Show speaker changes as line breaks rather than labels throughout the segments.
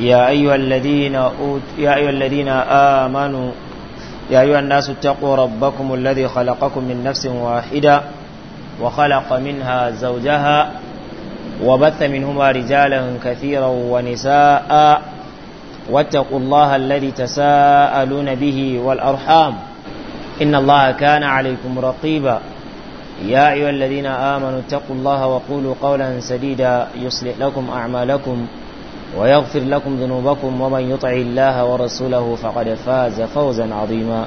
يا أيها الذين أوت يا أيها الذين آمنوا يا أيها الناس اتقوا ربكم الذي خلقكم من نفس واحدة وخلق منها زوجها وبث منهما رجالا كثيرا ونساء واتقوا الله الذي تساءلون به والأرحام إن الله كان عليكم رقيبا يا أيها الذين آمنوا اتقوا الله وقولوا قولا سديدا يصلح لكم أعمالكم ويغفر لكم ذنوبكم ومن يطع الله ورسوله فقد فاز فوزا عظيما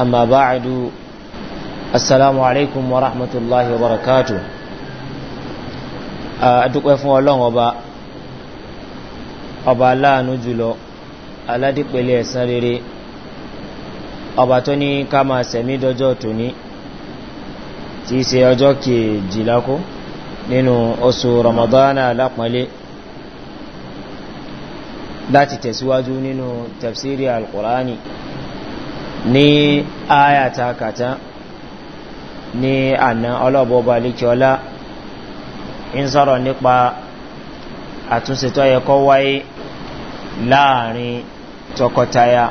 أما بعد السلام عليكم ورحمة الله وبركاته أدوك فون الله وبا أبا لا نجلو ألا ديك بلي سريري أبا توني كما سمي دوجو توني تيسي أجوكي جلاكو نينو أسو رمضان لقمالي láti tẹ̀síwájú nínú tafsiri alkùránì ní ayata kàtá ní àná ọlọ́bọba alikiola ń sọ̀rọ̀ nípa àtúnṣe tó yẹ kọ́ wáyé láàrin tọkọtaya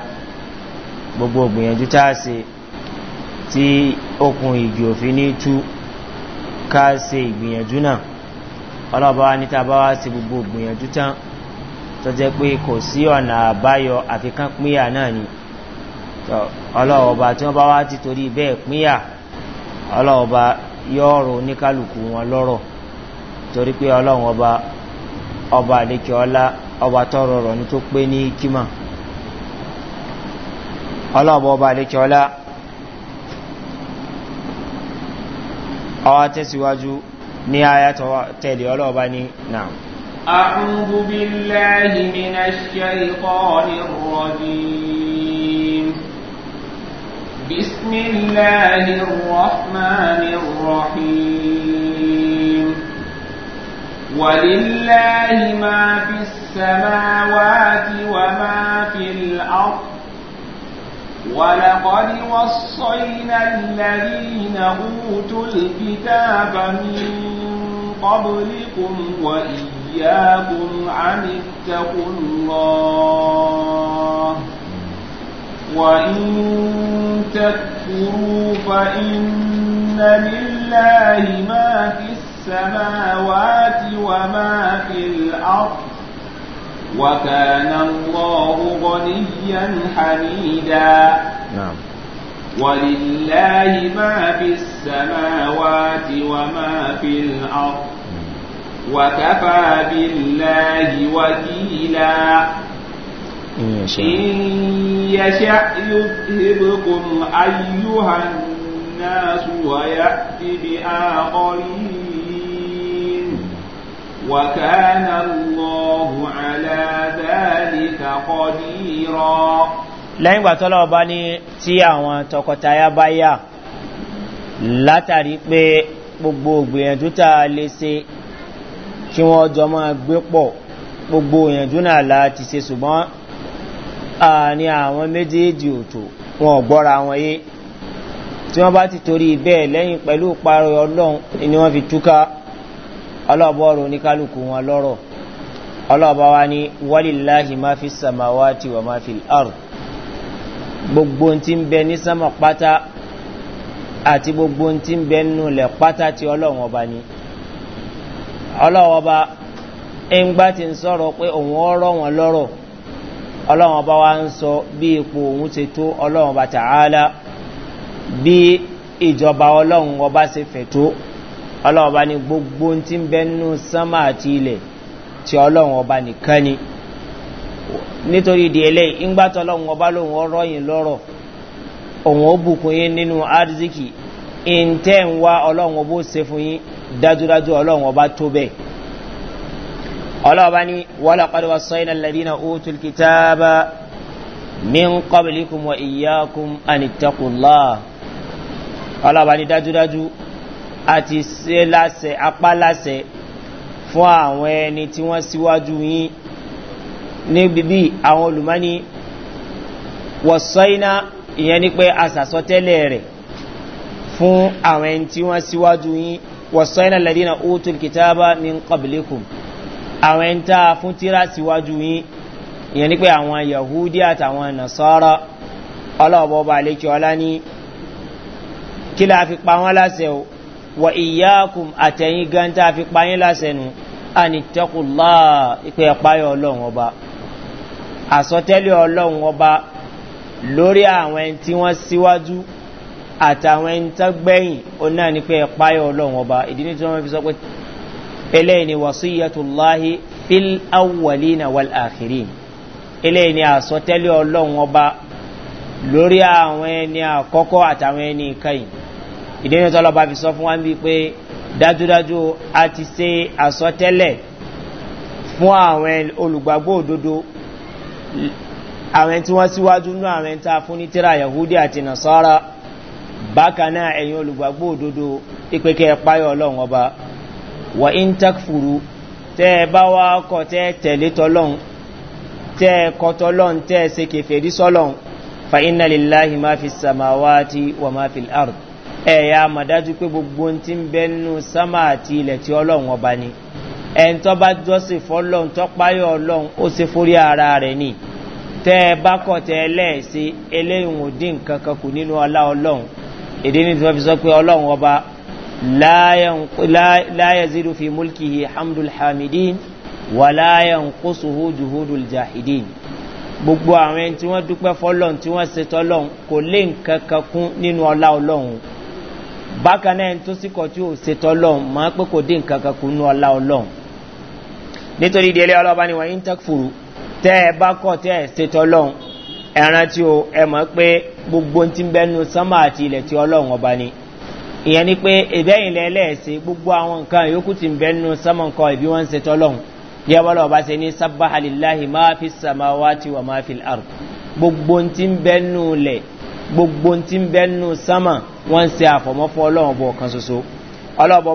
gbogbo gbìyànjú tá a ṣe tí okùn ìgì òfin ní tú ká ìgbìyànjú náà ọlọ́bàá níta bá wá ṣe gbogbo gbìyànjú tán tó jẹ́ pé kò sí ọ̀nà àbáyọ àfikán pínyà náà ni ọlọ́ọ̀ba tí wọ́n bá wá ti torí bẹ́ẹ̀ pínyà ọlọ́ọ̀ba yọ́ọ̀rọ̀ oníkálukú wọn lọ́rọ̀ torí pé ọlọ́run ọba ọba àdékè ọlá ọba tọrọ rọ̀ ní tó pé ní kímà ọlọ́ọ̀ba ọba àdékè ọlá ọwá tẹ̀síwájú ní ayatọ̀ tẹ̀lé ọlọ́ọ̀ba ní náà
أعوذ بالله من الشيطان الرجيم بسم الله الرحمن الرحيم ولله ما في السماوات وما في الأرض ولقد وصينا الذين أوتوا الكتاب من قبلكم وإياكم إياكم عن اتقوا الله وإن تكفروا فإن لله ما في السماوات وما في الأرض وكان الله غنيا حميدا نعم ولله ما في السماوات وما في الأرض وكفى بالله وكيلا إن يشأ يذهبكم أيها الناس ويأتي بآخرين وكان الله على ذلك قديرا
lẹ́yìn ìgbà tọ́lọ́ ní tí àwọn tọkọtaya bá yà látàrí pé gbogbo ògbìyànjú tá lè ṣe kí wọ́n jọ máa gbé pọ̀ gbogbo òyìnjú náà láti ṣe ṣùgbọ́n àárín àwọn méjèèjì òtò wọn ò gbọ́ra wọn yé tí wọ́n bá ti torí bẹ́ẹ̀ lẹ́yìn pẹ̀lú ìparọ́ ọlọ́run ni wọ́n fi túká ọlọ́bọ̀rọ̀ oníkálukú wọn lọ́rọ̀ ọlọ́ba wa ni wàlíláhi máa fi sàmáwá ti wà máa fi àrùn gbogbo ti ń bẹ ní sámà pátá àti gbogbo ti ń bẹ nínú ilẹ̀ pátá ti ọlọ́run ọba ni ọlọ́wọ́ bá ẹngbà ti ń sọ̀rọ̀ pé òun ọ̀rọ̀ wọn lọ́rọ̀ ọlọ́wọ́ bá wá ń sọ bí ipò òun ti tó ọlọ́wọ́ bá tààlà bí ìjọba ọlọ́run ọba ṣe fẹ̀tó ọlọ́wọ́ bá ní gbogbo tí ń bẹ́nu sánmà àti ilẹ̀ tí ọlọ́run ọba nìkan ni nítorí ìdí ẹlẹ́yìn ìgbà tó ọlọ́run ọba lòun ọ̀rọ̀ yìí lọ́rọ̀ òun ó bùkún yín nínú arziki ìǹtẹ́ ń wá ọlọ́run ọba ṣe fún yín dájúdájú ọlọ́run ọba tó bẹ́ẹ̀ ọlọ́ọ̀bá ní wọ́lá pàdùwà sọ́yìn alẹ́dínà òtún kìtàbà min kọ́bìlìkùn wa ìyákùn anìtẹ́kùnlá ọlọ́ọ̀bá ní dájúdájú àti ṣe lásẹ̀ apá lásẹ̀ fún àwọn ẹni tí wọ́n síwájú yín níbi bí àwọn olùmọ́ni wọ́n sọ́yìnà ìyẹn ni pé àṣàsọtẹ́lẹ̀ rẹ̀ fún àwọn ẹni tí wọ́n síwájú yín wọ̀sánà lẹ́dínà ótùl kìtàbà ní kọ̀bìlẹ́kùn àwọn ẹni tá a fún tíra síwájú yín ìyẹn ni pé àwọn yahudi àtàwọn nasara ọlọ́ọ̀bọ̀ bá lékè ọlá ní kí la fi pa wọ́n lásẹ̀ o wà ìyáàkùn àtẹ̀yìn gan tá a fi pa yín lásẹ̀ nu ànìtẹ́kùlá ìpè ẹ̀páyọ̀ ọlọ́run ọba àsọtẹ́lẹ̀ ọlọ́run ọba lórí àwọn ẹni tí wọ́n síwájú si àtàwọn ẹni tó gbẹ̀yìn ó náà ní pé ẹ̀páyọ̀ ọlọ́run ọba ìdí ní tí wọ́n fi sọ pé eléyìí ni wàsíyàtúláhi fil awwali na wal àkìrí eléyìí ni àsọtẹ́lẹ̀ ọlọ́run ọba lórí àwọn ẹni àkọ́kọ́ àtàwọn ẹni ìkẹyìn ìdí ní tọ́lọ́ba fi sọ fún wa bí pé dájúdájú a ti ṣe àsọtẹ́lẹ̀ fún àwọn olùgbàgbọ́ òdodo àwọn tí wọ́n síwájú nú àwọn tá a fún ní tíra yahudi àti nasara bákan náà ẹ̀yin olùgbàgbọ́ òdodo ìpèkẹ́ páyọ̀ ọlọ́run ọba wà ń takfuru tẹ́ ẹ bá wá kọ tẹ́ ẹ tẹ̀lé tọ́lọ́run tẹ́ ẹ kọ tọ́lọ́run tẹ́ ẹ ṣe kẹfẹ́rí sọ́lọ́run fa iná lillahi máa fi sàmáwáti wà máa fi àrùn ẹ̀ yá àmàdájú pé gbogbo ti ń bẹ́nu sámà àti ilẹ̀ tí ọlọ́run ọba ni ẹn tó bá jọ́sìn fọlọ́n tó páyọ̀ ọlọ́run ó ṣe forí ara rẹ̀ ni tẹ́ ẹ bá kọ̀ tẹ́ ẹ lẹ́ẹ̀sì eléyìí ò dín nǹkan kù nínú ọlá ọlọ́run èdè ní tí wọ́n fi sọ pé ọlọ́run ọba láyẹ̀zídù fi múlkìhì hamdulhamidin wà láyẹ̀nkóṣùhù juhudul jahidin gbogbo àwọn ẹni tí wọ́n dúpẹ́ fọ́lọ́n tí wọ́n ṣetọ́ lọ́n kò lè nǹkan kan kún nínú ọlá ọlọ́run bákan náà ẹni tó sì kọ̀ tí ò ṣetọ́ lọ́n máa pé kò dé nǹkan kan kún nínú ọlá ọlọ́run nítorí ìdílé ọlọ́ba ni wọ́n yín tẹ́kfùrù tẹ́ ẹ bá kọ̀ tẹ́ ẹ ṣetọ́ lọ́n ẹran tí o ẹ mọ̀ pé gbogbo ti ń bẹnu sánmà àti ilẹ̀ tí ọlọ́run ọba ni ìyẹn ni pé ìbẹ́yìn lẹ́lẹ́ẹ̀sẹ̀ gbogbo àwọn nǹkan yòókù ti ń bẹnu sánmà nǹkan ìbí wọ́n ń ṣe tọ́lọ́run yẹ bọ́lá ọba ṣe ní sábà aliláhi máa fi sàmà wá ti wà máa fi àrù gbogbo ti ń bẹnu lẹ̀ gbogbo ti ń bẹnu sánmà wọ́n ń ṣe àfọ̀mọ́fọ́ ọlọ́run ọba ọ̀kan ṣoṣo ọlọ́ọ̀bọ̀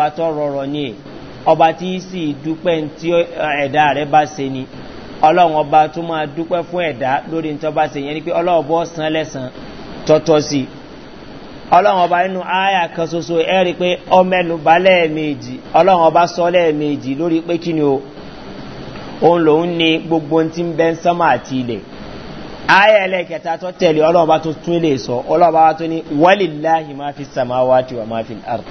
ọba ọba tí sì dúpẹ́ tí ẹ̀dá rẹ̀ bá se ni ọba tó máa dúpẹ́ fún ẹ̀dá lórí nítorí bá se yẹn ni pé ọlọ́run san lẹ́sàn tọ́tọ́ sí i ọlọ́run ọba nínú àyà kan ṣoṣo ẹ pé lẹ́ẹ̀mejì ọba lórí pé kí ni o òun gbogbo ń bẹ́ ń àti ilẹ̀ sọ ọlọ́run ọba tó ní máa fi sàmáwá tiwa fi àrùn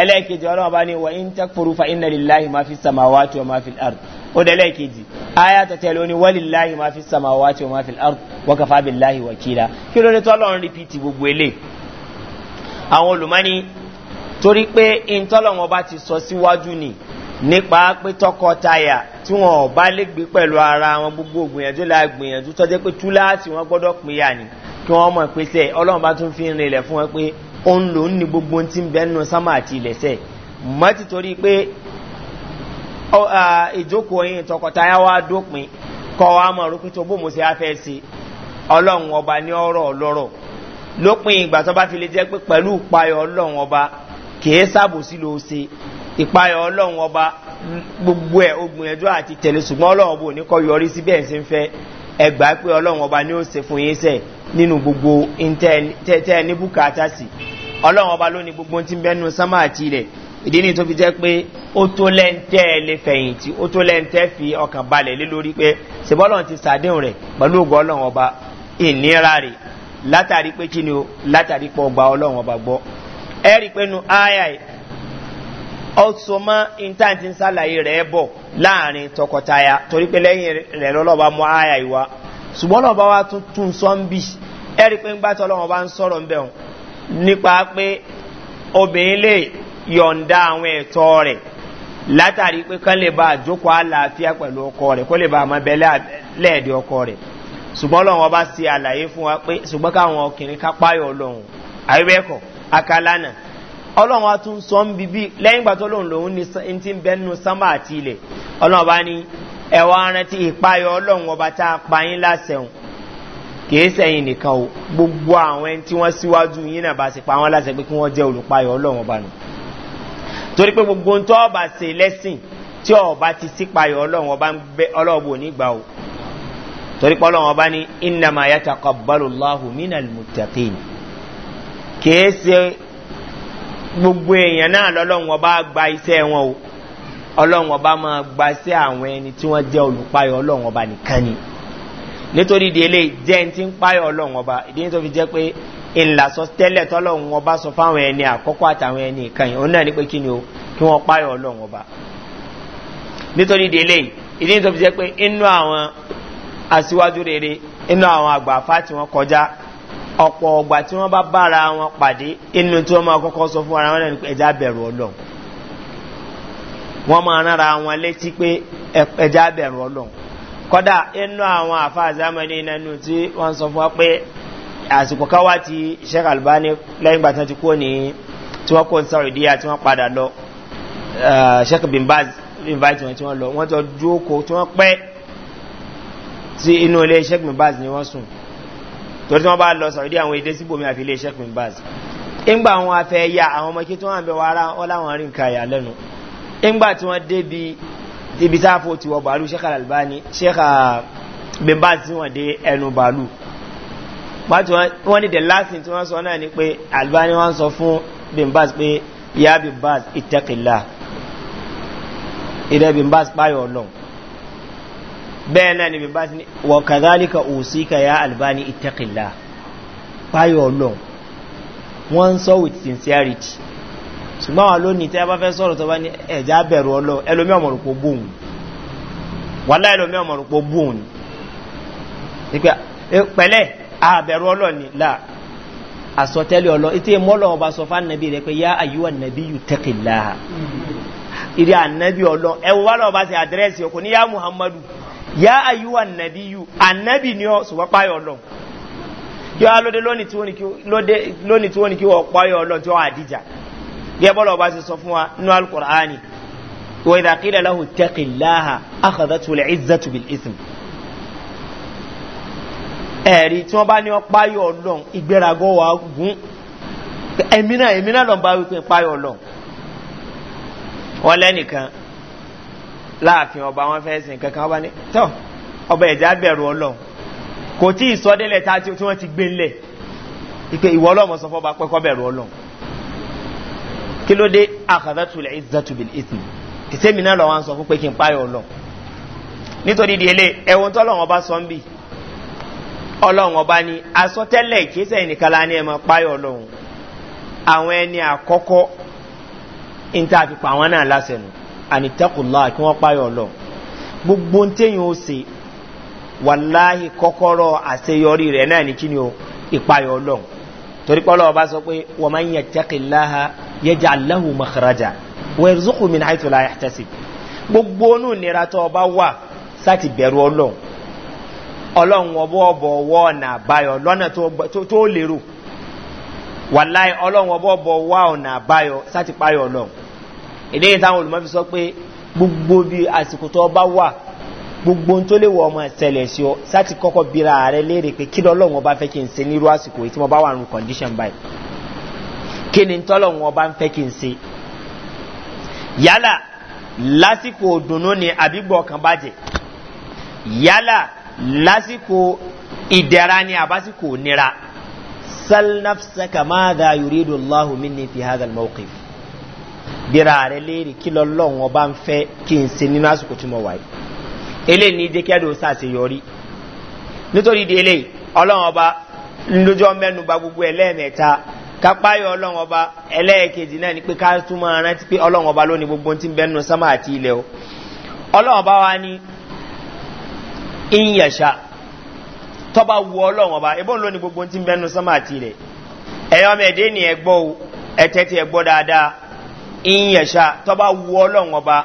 ẹlẹ́ẹ̀kejì ọlọ́run bá ní wọ́n in tẹ́kùrú fa iná lillahi ma fi samawati wa ma fi al'ard ó dẹ̀ ẹlẹ́ẹ̀kejì aya ta tẹ̀lé oní wọ́n lillahi ma fi samawati wa ma fi al'ard wọ́n kafa bi lillahi wa kila kí ló ní tọ́lọ́run rìpítì gbogbo ilé àwọn olùmọ́ni torí pé in ọba ti sọ síwájú ni nípa pé tọkọtaya tí wọn ò bá lè gbé pẹ̀lú ara wọn gbogbo gbìyànjú la gbìyànjú tọ́jú pé túláàsì wọn gbọ́dọ̀ pínyà ni kí wọ́n mọ̀ pé sẹ́ ọlọ́run bá tún fi ń rinlẹ̀ fún wọn pé òun lòun ní gbogbo tí ń bẹnu sámà àti ilẹ̀sẹ̀ mọ́ ti torí pé ìjókòó yìí tọkọtaya wa dópin kọ́ wa mọ̀ rúkú tó bó mo ṣe á fẹ́ sí ọlọ́run ọba ní ọ̀rọ̀ ọlọ́rọ̀ lópin ìgbà tó bá fi lè jẹ́ pé pẹ̀lú ìpayọ̀ ọlọ́run ọba kìí sábòsí ló ṣe ìpayọ̀ ọlọ́run ọba gbogbo ẹ̀ ogun ẹjọ́ àti tẹ̀lé ṣùgbọ́n ọlọ́run ọba ò ní kọ́ yọrí sí bẹ́ẹ̀ ṣe ń fẹ́ ẹgbàá pé ọlọ́run ọba ní ó ṣe fún yín sẹ̀ nínú gbogbo tẹ́ ní bùkátà sí ọlọ́run ọba ló ní gbogbo tí ń bẹ́nu sánmà àti ilẹ̀ ìdí ni tó fi jẹ́ pé ó tó lẹ́ńtẹ́ lè fẹ̀yìntì ó tó lẹ́ńtẹ́ fi ọkàn balẹ̀ lé lórí pé ṣèbọ́lọ́run ti sàdéhùn rẹ̀ pẹ̀lú ògbọ́ ọlọ́run ọba ìnira rẹ̀ látàrí pé kí ni o látàrí pé ọgbà ọlọ́run ọba gbọ́ ẹ rí i pé nu aya ọsọmọ intanti ṣàlàyé rẹ̀ bọ̀ láàrin tọkọtaya torí pé lẹ́yìn rẹ̀ lọ́lọ́ba mú aya ìwà ṣùgbọ́n lọ́ba wa tún tún sọ́ńbì ẹ rí i pé ń ọlọ́run ọba ń sọ̀rọ̀ ń bẹ̀rùn nípa pé obìnrin lè yọ̀ǹda àwọn ẹ̀tọ́ rẹ̀ látàrí pé kán lè bá àjókòó àlàáfíà pẹ̀lú ọkọ rẹ̀ kó lè bá àmọ́ bẹ́ẹ̀ lẹ́ẹ̀dẹ́ ọkọ rẹ̀ ṣùgbọ́n lọ́wọ́ bá ṣe àlàyé fún wa pé ṣùgbọ́n káwọn ọkùnrin kápáyọ̀ lọ́hùn àríwẹ́kọ̀ akalánà ọlọ́run wa tún sọ kìí sẹ́yìn nìkan o gbogbo àwọn ẹni tí wọ́n síwájú yín náà bá sì pa wọ́n láti pé kí wọ́n jẹ́ olùpayọ̀ ọlọ́run ọba nù torí pé gbogbo ohun tó ọba ṣe lẹ́sìn tí ọba ti sípayọ̀ ọlọ́run ọba ń bẹ ọlọ́ọ̀bù ò ní gbà o torí pé ọlọ́run ọba ní ìnàmà yàtà kọbalùláhù mínà mùtàkìn kìí gbogbo èèyàn náà lọ́lọ́run ọba gba iṣẹ́ wọn o ọlọ́run ọba máa gbaṣẹ́ àwọn ẹni tí wọ́n jẹ́ olùpayọ̀ ọlọ́run ọba nìkan ni. Kani nítorí délé jẹ́ ti ń páyọ̀ ọlọ́run ọba ìdí ní tó fi jẹ́ pé ìlàsọ tẹ́lẹ̀ tọ́lọ́run ọba sọ fáwọn ẹni àkọ́kọ́ àtàwọn ẹni ìkànnì òun náà ní pé kí ni o kí wọ́n páyọ̀ ọlọ́run ọba nítorí délé ìdí ní tó fi jẹ́ pé inú àwọn aṣíwájú rere inú àwọn àgbàfà tí wọ́n kọjá ọ̀pọ̀ ọgbà tí wọ́n bá bára wọn pàdé inú tí wọ́n máa kọ́kọ́ sọ fún ara wọn náà ní pé ẹja bẹ̀rù ọlọ́run wọ́n máa rán ara wọn létí pé ẹja bẹ̀rù ọlọ́run kọ́dà inú àwọn àfáà zamani nínú tí wọ́n sọ fún wa pé àsìkò káwá ti sheikh albani lẹ́yìn gbàtà ti kó ní tí wọ́n kó ní saudiya tí wọ́n padà lọ eh, sheikh bimbaz invite wọn tí wọ́n lọ wọ́n tó jókòó tí wọ́n pẹ́ tí inú ilé sheikh bimbaz ni wọ́n sùn torí tí wọ́n bá lọ saudiya àwọn èdè síbòmí àfi ilé sheikh bimbaz ńgbà wọn afẹ́ ya àwọn ọmọ kí tí wọ́n àbẹ̀wò ara wọn láwọn rìn kàyà lẹ́nu ńgbà tí wọ́n débi ibi tá a fò ti wọ bàálù ṣẹ́kà albani ṣẹ́kà bíbá tí wọ́n dé ẹnu bàálù wọ́n ní the last thing tí wọ́n sọ náà ni pé albani wọ́n sọ fún bíbá pé ya bíbá ìtẹ́kìlá ìdẹ́ bíbá páyọ̀ ọlọ́run bẹ́ẹ̀ náà ni bíbá ní wọ́n kàdálíkà òsíkà ya albani ìtẹ́kìlá páyọ̀ ọlọ́run wọ́n sọ with sincerity ṣùgbọ́n àwọn lónìí tẹ́ bá fẹ́ sọ̀rọ̀ tó bá ní ẹ̀já bẹ̀rù ọlọ́ ẹlòmí ọmọrùpọ̀ bóun wàlá ẹlòmí ọmọrùpọ̀ bóun pẹ̀lẹ́ àbẹ̀rù ọlọ́ ni là àsọtẹ́lẹ̀ ọlọ́ ètò ìmọ́lọ̀ ọba sọ fún anabi rẹ pé yá àyíwá nàbí yù tẹ́kìlá ìdí anabi ọlọ́ ẹ̀wọ̀ wà lọ́ba sí àdírẹ́sì ọkọ̀ yá muhammadu yá àyíwá nàbí yù anabi ni ọ ṣùgbọ́n páyọ̀ ọlọ́ yọ alóde lónìí tí wọ́n ní kí wọ́n páyọ̀ ọlọ́ tí wọ́n gẹ́bọ́lọ̀ ọba ti sọ fún wa nínú alukur'ani wọ́n ìdá kílẹ̀ láhù tẹ́kìláha akadàtú lè ìzàtú bil ism. ẹ̀rí tí wọ́n bá ní ọpá yọ̀ lọ́n ìgbérago wa gún ẹ̀mí náà ẹ̀mí náà lọ́n bá wípé ọpá yọ̀ lọ́n. wọ́n lẹ́nìkan láàfin ọba wọn fẹ́ sìn kankan wọn bá ní tọ́ ọba ẹ̀já bẹ̀rù ọlọ́n kò tí ì sọdẹ́lẹ̀ tá a ti wọ́n ti gbé ńlẹ̀ ìpè ọlọ́mọ sọ fọ́ bá pẹ́kọ́ bẹ̀rù ọlọ́n kí ló dé akadàtul izzatu bil ismi ìsẹ́mi náà lọ́wọ́ sọ fún pé kí n páyọ̀ lọ nítorí di ilé ẹ̀wọ̀n tó ọlọ́wọ́n bá sọ ń bì ọlọ́wọ́n bá ní asọ́tẹ́lẹ̀ ìkéṣẹ́ ìnìkanlá ní ẹ̀mọ́ páyọ̀ lọ́hùn àwọn ẹni àkọ́kọ́ níta àfipá àwọn náà lásẹ̀nu ànìtẹ́kùlá kí wọ́n páyọ̀ lọ gbogbo ń téyàn ó se wàláhì kọ́kọ́rọ́ àṣeyọrí rẹ̀ náà ní kí ni o ìpáyọ̀ lọ́hùn torí pé ọlọ́wọ́n bá sọ pé wọ́n máa ń yẹ yaj'al lahu makhraja wa yarzuqhu min haythu la yahtasib gbogbo onú ìnira tó ọba wà sáti bẹ̀rù ọlọ́run ọlọ́run ọbọ̀ ọbọ̀ ọwọ́ ọ̀nà àbáyọ lọ́nà tó lérò wàláì ọlọ́run ọbọ̀ ọbọ̀ wà ọ̀nà àbáyọ sáti páyọ ọlọ́run eléyìí táwọn olùmọ́ fi sọ pé gbogbo bí àsìkò tó ọba wà gbogbo tó lè wọ ọmọ ẹ̀sẹ̀lẹ̀ sí ọ sáti kọ́kọ́ bíra ààrẹ léèrè pé kí lọ́lọ́run ọba fẹ́ kí n se nírú àsìkò tí mo bá wà nù kọ́ndíṣàn báyìí kí ni tọ́lọ̀ wọn bá ń fẹ́ kí n ṣe yálà lásìkò dùnú ni àbígbọ̀ kan bàjẹ́ yálà lásìkò ni àbásìkò nira salnafsaka kama da yuridu allahu minni fi hadha almawqif dira rẹ kilo kí lọ́lọ́run ọba ń fẹ́ kí n ṣe nínú àsìkò tí mo wà yìí eléyìí ní dékẹ́dọ̀ sàṣeyọrí nítorí di eléyìí ọlọ́run ọba ńlójọ́ mẹ́nu ba gbogbo ẹ̀ kápáyọ̀ ọlọ́run ọba ẹlẹ́ẹ̀kejì náà ni pé ká tún máa rántí pé ọlọ́run ọba lónìí gbogbo tí ń bẹ́nu sámà àti ilẹ̀ o ọlọ́run ọba wa ní wu ọlọ́run ọba gbogbo tí ń bẹ́nu sámà àti ilẹ̀ ẹ̀yọ́ ni ẹgbọ́ o ẹ̀tẹ́ ti ẹgbọ́ dáadáa ìyẹ̀ṣà tọ́ba wu ọlọ́run ọba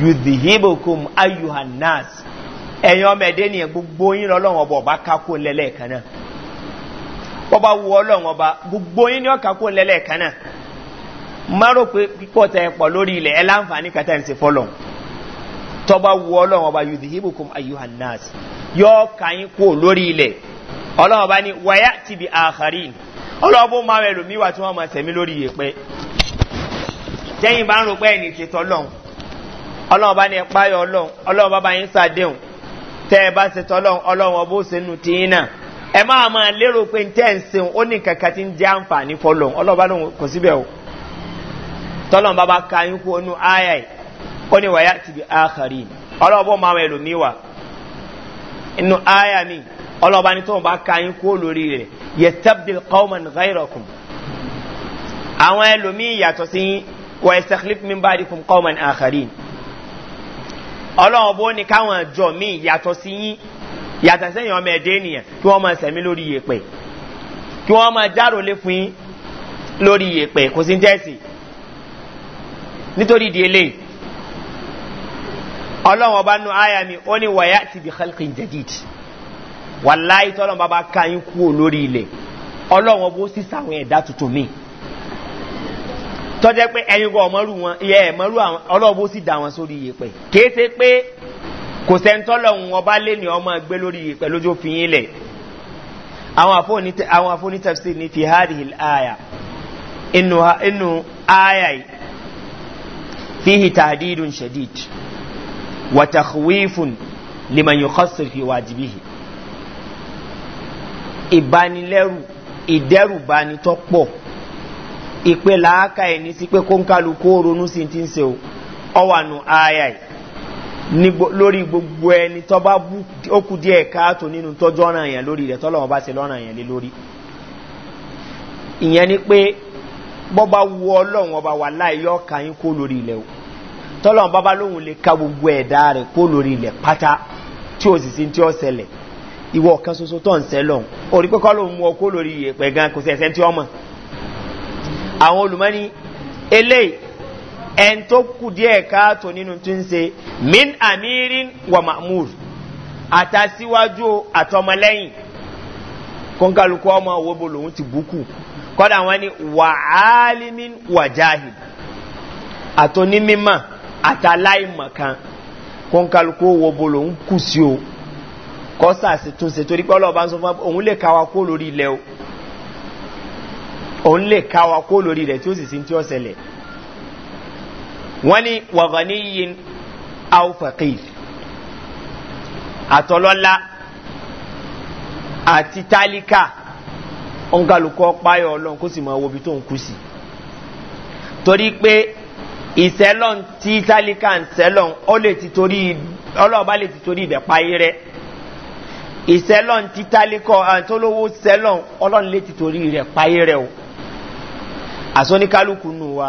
yudhihibokum ayuhannas ẹ̀yọ́ bọ́ba wu ọlọ́run ọba gbogbo yín ní ọ̀ka kó lẹ́lẹ̀ kan náà má rò pé pípọ̀ tẹ pọ̀ lórí ilẹ̀ ẹ láǹfààní kàtà ń ṣe fọlọ̀ tọ́ba wu ọlọ́run ọba yudhi ibukum ayuhannas yọ ọ̀ka yín kó lórí ilẹ̀ ọlọ́run ọba ní wáyà ti bi àkàrí ọlọ́run bó máa rẹ̀ lòmíwà tí wọ́n máa sẹ̀mí lórí ìyẹ̀pẹ́ tẹ́yìn bá ń rò pé ẹ̀yìn ní ẹ páyọ̀ ọlọ́run ọlọ́run bá ẹ ẹ máa máa lérò pé tẹ́ ń sin ó ní kankan tí ń jẹ́ àǹfààní fọlọ́n ọlọ́ba ló kò síbẹ̀ o tọ́lọ́n bá bá ka yín kú onú ayà yìí ó ní wàyà ti bi àkàrí ọlọ́bọ̀ máa wọ ẹlòmíì wà inú ayà mi ọlọ́ba ní tọ́wọ́n bá ka yín kú lórí rẹ̀ yẹ tábìl kọ́ọ̀mọ̀n gáírọ̀kùn àwọn ẹlòmíì yàtọ̀ sí wà ẹ̀ mi bá dìkùn kọ́ọ̀mọ̀n àkàrí ọlọ́wọ́ yàtọ̀ sẹ́yìn ọmọ ẹ̀dẹ́ ènìyàn kí wọ́n máa sẹ̀mí lórí yèpẹ̀ kí wọ́n máa dárò lé fún yín lórí yèpẹ̀ kò sí tẹ́sì nítorí ìdí eléyìí ọlọ́run ọba nu àyà mi ó ní wàyà ti bi xalqin jadid wàláyé tọ́lọ́run bá bá ka yín kú lórí ilẹ̀ ọlọ́run ọba ó sì sàwọn ẹ̀dá tuntun mi tọ́jẹ́ pé ẹ̀yin kọ́ ọmọrú wọn ọlọ́run ọba ó sì dà wọn sórí yèpẹ̀ kéé ṣe pé kò sẹ́ńtọ́lọ̀ ń ọba lé ní ọmọ ẹgbẹ́ lórí pẹ̀lójó fi yín lẹ̀ àwọn afọ́nitẹ́fsì ní fi hádì àyà inú àyà fihi tahdidun shadid wa takhwifun liman yukhassir fi wajibihi ìbanilẹ́rù ìdẹ́rùbani tó pọ̀ ìpè làákà ẹni sí pé kóńkálukú ronú sí ti ń se o àyà yìí lórí gbogbo ẹni tó bá ókú díẹ̀ káàtó nínú tọ́jú ọ̀nà èèyàn lórí rẹ̀ tọ́lọ́wọ́ bá se lọ́nà èèyàn lé lórí ìyẹn ni pé bọ́bá wu ọlọ́run ọba wà láìyọ́ kàyín kó lórí ilẹ̀ o tọ́lọ́run bábá lóhun lè ka gbogbo ẹ̀dá rẹ̀ kó lórí ilẹ̀ pátá tí ó sì sí tí ó ṣẹlẹ̀ ìwọ kan ṣoṣo tó ń sẹ́lọ̀n orí pẹ́kọ́ ló mú ọ kó lórí ìyẹ̀pẹ̀ gan kò sẹ̀sẹ̀ tí ọmọ àwọn olùmọ́ni eléyìí ẹn tó kù díẹ̀ káàtó nínú tí ń min amirin wa mahmud àtàsíwájú àtọmọlẹ́yìn kọ́ńkàlùkù ọmọ owó bo lòun ti bukú kọ́dà wọn ni wàhálímín wàjáhì àtọ́nímímà àtàláìmọ̀kan kọ́ńkàlùkù owó bo lòun kù sí o kọ́sà sí túnṣe torí pé ọlọ́ọ̀bá ń sọ fún òun lè káwa kó lórí ilẹ̀ o òun lè káwa kó lórí ilẹ̀ tí ó sì sí ti ọ̀sẹ̀lẹ̀ wọ́n ní wàhánìyìn awfaqir àtọlọ́lá àti tálíkà ònkàlùkọ́ páyọ̀ ọlọ́run kó sì mọ owó bí tó ń kú sí torí pé ìsẹ́lọ́n tí tálíkà ń sẹ́lọ́n ọlọ́ọ̀bá lè ti torí ibẹ̀ páyé rẹ̀ ìsẹ́lọ́n tí tálíkà àtọ́lówó sẹ́lọ́n ọlọ́run lè ti torí rẹ̀ páyé rẹ̀ o àsọ́níkálukú nù wa.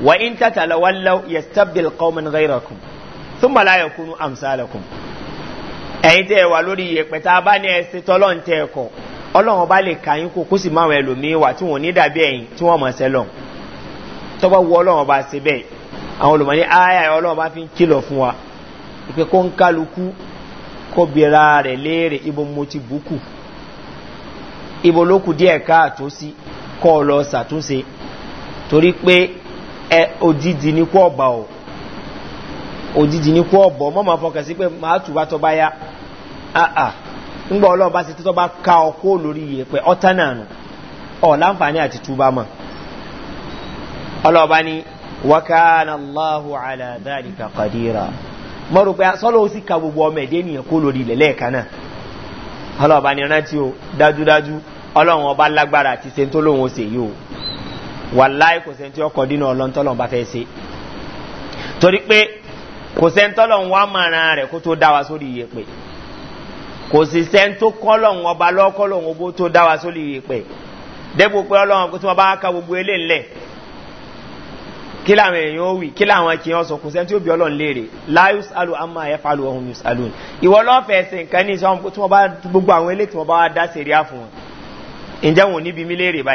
wa in tatawallaw yastabdil qauman ghayrakum thumma la yakunu amsalakum ẹ̀yin tẹ́ wà lórí yẹ̀pẹ̀ tá bá ní ẹsẹ̀ tọ́lọ́n tẹ́ ẹ̀kọ́ ọlọ́run bá lè kàyín kó kó sì máa wọn ẹlòmíín wà tí wọn ní dàbí ẹ̀yìn tí wọ́n mọ̀ ṣẹ́ lọ tọ́gbà wọ ọlọ́run bá ṣe bẹ́ẹ̀ àwọn olùmọ̀ ní ayà ọlọ́run bá fi ń kìlọ̀ fún wa ìpè kó ń kálukú kó bira rẹ̀ léèrè ibo mo bùkù ibo ló kù káàtó sí kọ́ ọ lọ ṣàtúnṣe torí pé òdìdì ní kú ọba o òdìdì ní kú ọ̀bọ̀ mọ́ ma fọkàn sí pé ma tù bá tọ́ba yá àà ńgbà ọlọ́ọ̀bá sí tọ tọ́ba ka ọkọ́ lórí iye pé ọ́tá náà nù ọ̀ láǹfààní àti túbá ni wákàánà allahu aláàdáàdì kàkàdíra mọ́ rò pé sọ́lọ́ ka gbogbo ọmọ ẹ̀dẹ́ ènìyàn kó lórí ilẹ̀ lẹ́ẹ̀kan náà ni rántí o dájúdájú ọba lágbára àti wàláì kò sẹ́ni tí ó kọ́ dínà ọlọ́ntọ́lọ́n bá fẹ́ ṣe torí pé kò sẹ́ni tọ́lọ́n wá mọ̀ràn rẹ̀ kó tó dá wa sórí iye pé kò sì sẹ́ni tó kọ́lọ́n ọba lọ́kọ́lọ́n owó tó dá wa sórí iye pé dẹ́gbò pé ọlọ́run kó tí wọ́n bá ka gbogbo ilé ńlẹ̀ kí làwọn èèyàn ó wì kí làwọn kì í ọ̀sán kò sẹ́ni tí ọlọ́run léèrè láyùs alu ama ayẹ falu ọhún yus alu ìwọ lọ́fẹ̀ẹ́ ẹsẹ̀ nǹkan ní ìsọ́n tí wọ́n bá gbogbo àwọn eléyìí tí wọ́n bá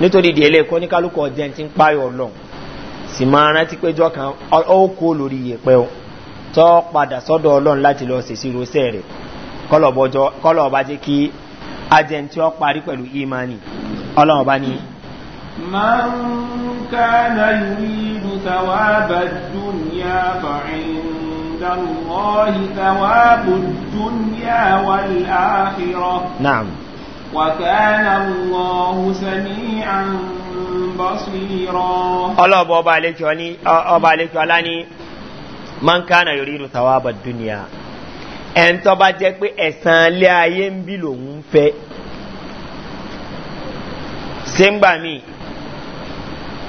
nítorí di ẹlẹ́kọ́ ní kálukọ̀ ọ̀jẹ́ ti ń páyọ̀ ọlọ́run sì máa rántí péjọ kan ó kó lórí ìyẹ̀pẹ́ o tọ́ padà sọ́dọ̀ ọlọ́run láti lọ ṣèṣì rosẹ́ rẹ̀ kọ́lọ̀ ọba jẹ́ kí ajẹ́ tí ó parí pẹ̀lú imani ọlọ́run ọba
ní. máa náà yìí lùtàwá bá dúnyà fàáyín. عند الله ثواب الدنيا والآخرة نعم
ọlọ́ọ̀bọ̀ ọba àlejò ọlá ní man kánà yorí ìlú tàwàbà dúnìyà ẹn tó bá jẹ́ pé ẹ̀sàn ilé ayé ń bí lòun fẹ́ síngbà mi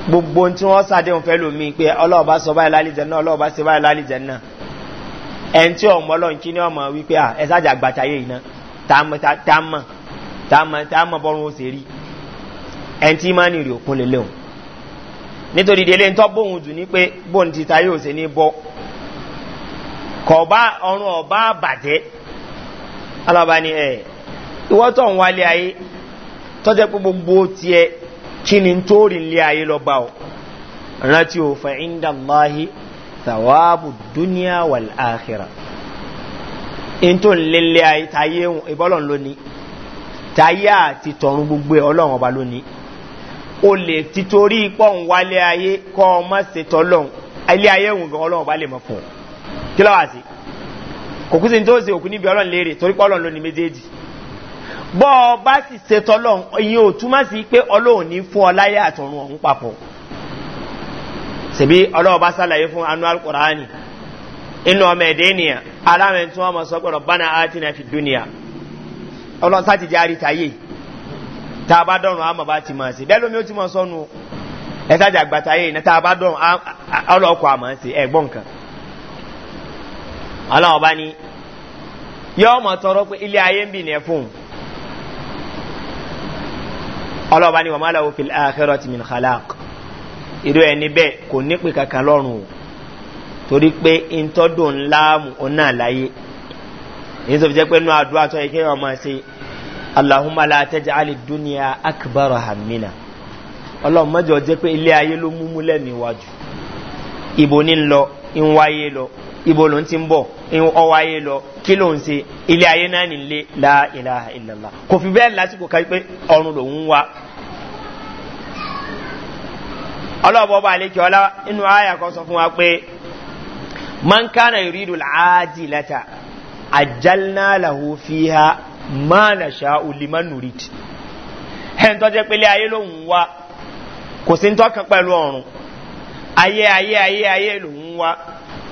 gbogbo tí wọ́n sàdéhùn fẹ́ lómi pé ọlọ́ọ̀bá sọ báyìí lálìjẹ náà ọlọ́ọ̀bá sọ báyìí lálìjẹ náà ẹn tí ọmọ ọlọ́run kí ni ọmọ wípé ẹ̀sàjà àgbàtayé yìí táàmà bọ́rún ó ṣe rí ẹn tí máa nìrì òkun lélẹ̀ òun nítorí délé ń tọ́ bóhun jù ní pé bóhun ti ta yóò ṣe ní bọ́ kọ̀ọ̀bá ọ̀run ọ̀bá bàjẹ́ alába ni ẹ̀ ìwọ́tọ̀ ń wálé ayé tọ́jẹ́ pé gbogbo tiẹ̀ kí ni tó rìn lé ayé lọ bá ọ rántí ò fẹ́ ìndàláhi tàwáàbù dúníà wàl áhìrà ń lé lé ayé tayé ìbọ́lọ̀ lónìí tayé àti tọ̀run gbogbo ẹ̀ ọlọ́run ọba lónìí o lè títorí pọ́ùn wálé ayé kọ́ ọ má ṣe tọ́lọ́hún ilé ayé òun gan ọlọ́run ọba lè mọ̀ fún un kí lọ́wọ́ àti kò kú sí ní tó ṣe òkú níbi ọlọ́run léèrè torí pé ọlọ́run lónìí méjèèjì bọ́ ọ bá sì ṣe tọ́lọ́hún ìyẹn ò túmọ̀ sí pé ọlọ́run ní fún ọ láyé àtọ̀run ọ̀hún papọ̀ ṣèbí ọlọ́run bá ṣàlàyé fún anu alukọ̀rání inú ọmọ ẹ̀dẹ́ ènìyàn aláwẹ̀ tí sọ́kọ̀rọ̀ bánà ọlọ́run sáà ti jẹ́ àríkàyè tá a bá dọ̀rùn àmọ̀ bá ti máa ṣe bẹ́ẹ̀ lómi ó ti máa sọnù ẹ sáàjà àgbàtà yìí ní tá a bá dọ̀rùn ọlọ́ọ̀kọ̀ àmọ̀ ṣe ẹ̀gbọ́n nǹkan ọlọ́run bá ní yọ ọmọ tọrọ pé ilé ayé ń bì ní ẹ fún bá ní wàmọ́ aláwọ̀ fi àkẹ́rọ̀ ti mìíràn khalaq irú ẹni bẹ́ẹ̀ kò nípe kankan lọ́rùn o torí pé ntọ́dún ńlá òun náà láyé yin zafi jẹ́ Allahumma la taj'al ad-dunya akbar hammina Allahu ma jọ jẹ pe ile aye lo mumu le ni waju ibo ni nlo in waye lo ibo lo ntin bo in o waye lo ki lo nse ile aye na ni le la ilaha illa allah ko fi be la ti ko kai pe orun lo hun wa Allahu ale ki ola inu aya ko so fun wa pe man kana yuridu al-ajilata àjálná lahu fiha máa nà ṣá olímọ̀ nurid ẹn tó jẹ́ pélé ayé lòun wá kò sí tọ́kàn pẹ̀lú ọ̀run ayé ayé ayé ayé lòun wá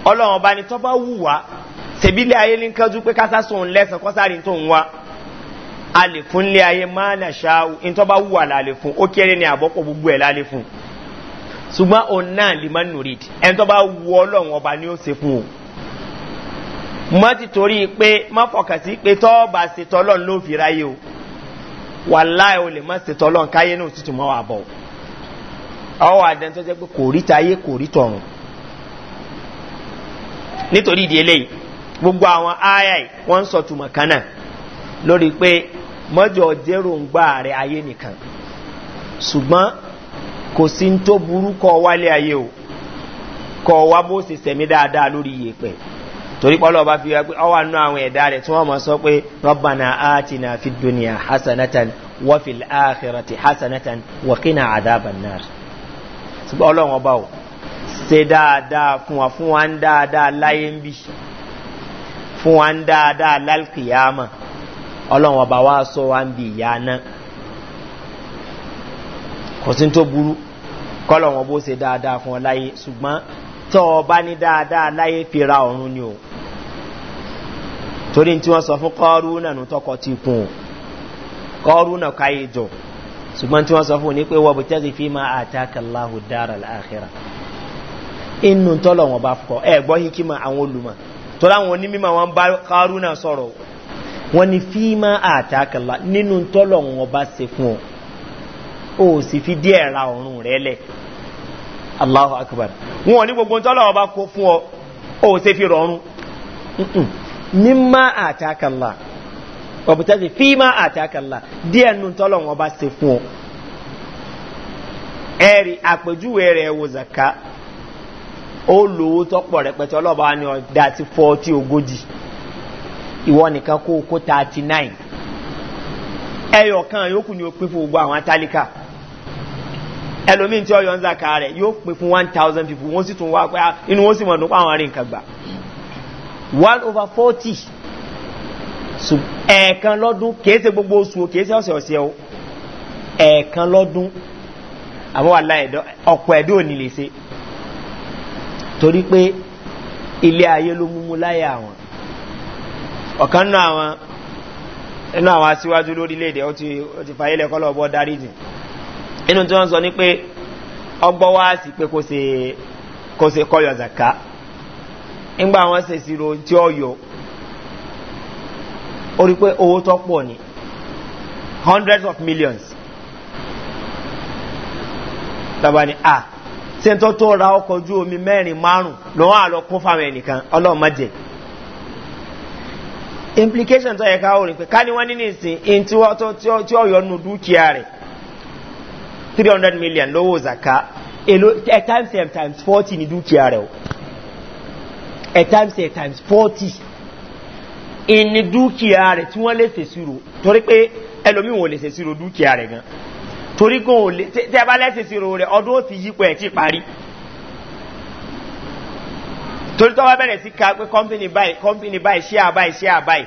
ọlọ́run ọba ni tọ́ bá wù wá tẹ̀bí ilé ayé ní kánjú pé kásá sóun lẹ́sàn kọ́sárì tó ń wá a lè fún ilé ayé máa nà ṣá in tó bá wù wá là fún ó kéré ní àbọ́pọ̀ gbogbo ẹ̀ là fún ṣùgbọ́n òun náà lè má nurid ẹn tó bá wù ọlọ́run ọba ni ó ṣe fún òun má ti torí pé má fọkàn sí pé tọ́ bá ṣe tọ́lọ́ ló fi ráyè o wàláì o lè má ṣe tọ́lọ́ káyé náà tuntun mọ́ wa bọ̀ ọ wà dẹ́n tó jẹ́ pé kò rí tayé kò rí tọ̀run nítorí ìdí eléyìí gbogbo àwọn aya yìí wọ́n ń sọ tùmọ̀ kan náà lórí pé mọ́jọ jẹ́ròǹgbà rẹ̀ ayé nìkan ṣùgbọ́n kò sí ní tó burú kọ́ wálé ayé o kọ́ wa bó ṣe sẹ̀mí dáadáa lórí iyẹ̀pẹ̀ torí pọ́lọ́ ọba fi wípé ọwà nú àwọn ẹ̀dá rẹ̀ tí wọ́n mọ̀ sọ pé rọ́bànà áti na fi dúnìyà hasanatan wọ́fìl áhìrọ̀tì hasanatan wọ́kínà àdábàn náà ṣùgbọ́n ọlọ́run ọba ò ṣe dáadáa fún wa fún wa ń dáadáa láyé ń bì fún wa ń dáadáa lálkìyàmà ọlọ́run tọ́ ọba ní dáadáa láyé fi ra ọ̀run ni o torí tí wọ́n sọ fún o kọ́ọ̀rù káyé jọ ṣùgbọ́n tí wọ́n sọ fún ní pé wọ́n bu tẹ́sí fi máa àtàkàláhù dára láàkírà inú tọ́lọ̀ wọn bá fọ́ ẹ gbọ́ kí ma àwọn wọn bá wọn ni fi máa nínú tọ́lọ̀ wọn bá se fún o sì fi díẹ̀ ra allahu akbar wọn ní gbogbo tọ́lọ̀ ọba kó fún ọ ó ṣe fi rọrùn mímá àtàkàlà ọ̀bùtẹ́sì fíìmá àtàkàlà díẹ̀ nù tọ́lọ̀ wọn bá ṣe fún ọ ẹ̀rì àpèjúwe rẹ̀ wò zaka ó lòó tọ́pọ̀ rẹpẹtẹ ọlọ́ba ni ọ̀dà ti ogójì ìwọ nìkan kó kó kan ni ó pín ẹlòmíì tí ọyọ ń zaka rẹ yóò pè fún one thousand people wọn sì tún wá pé inú wọn sì mọ̀ nípa àwọn arìnrìn gbà one over forty ẹ̀ẹ̀kan lọ́dún kìí ṣe gbogbo oṣù kìí ṣe ọ̀sẹ̀ ọ̀sẹ̀ o ẹ̀ẹ̀kan lọ́dún àmọ́ wà láì ọ̀pọ̀ ẹ̀dọ́ òní lè ṣe torí pé ilé ayé ló múmú láyé àwọn ọ̀kan nínú àwọn nínú àwọn aṣíwájú lórílẹ̀-èdè ó ti fàyẹ́lẹ̀ inú tí wọ́n sọ ní pé ọgbọ́ wá sí pé kó se kọyọ̀ zaka ńgbà tí ó yọ ó rí ni hundreds of millions tàbá ni a ṣe tó tó ra ọkọ̀ ojú omi mẹ́rin márùn lọ́wọ́ àlọ́ kún fáwọn ẹnìkan ọlọ́run má implication tó yẹ ká orin pé ká ní wọ́n ní nìsín in tí ó yọ nù dúkìá rẹ̀ 300 million lówó zaka ẹ times ẹ times forty ni dúkìá rẹ̀ o ẹ times ẹ times forty, ìní dúkìá rẹ̀ tí wọ́n lè ṣèṣirò torí pé ẹlòmíì wọn lè ṣèṣirò dúkìá rẹ̀ gan torí gan ò lè tẹ́ ẹ bá lẹ́ ṣèṣirò rẹ̀ ọdún ó ti yípo ẹ̀ ti parí torí tọ́wọ́ bẹ̀rẹ̀ sí ka pé kọ́mpìnì báyìí kọ́mpìnì báyìí ṣíà báyìí ṣíà báyìí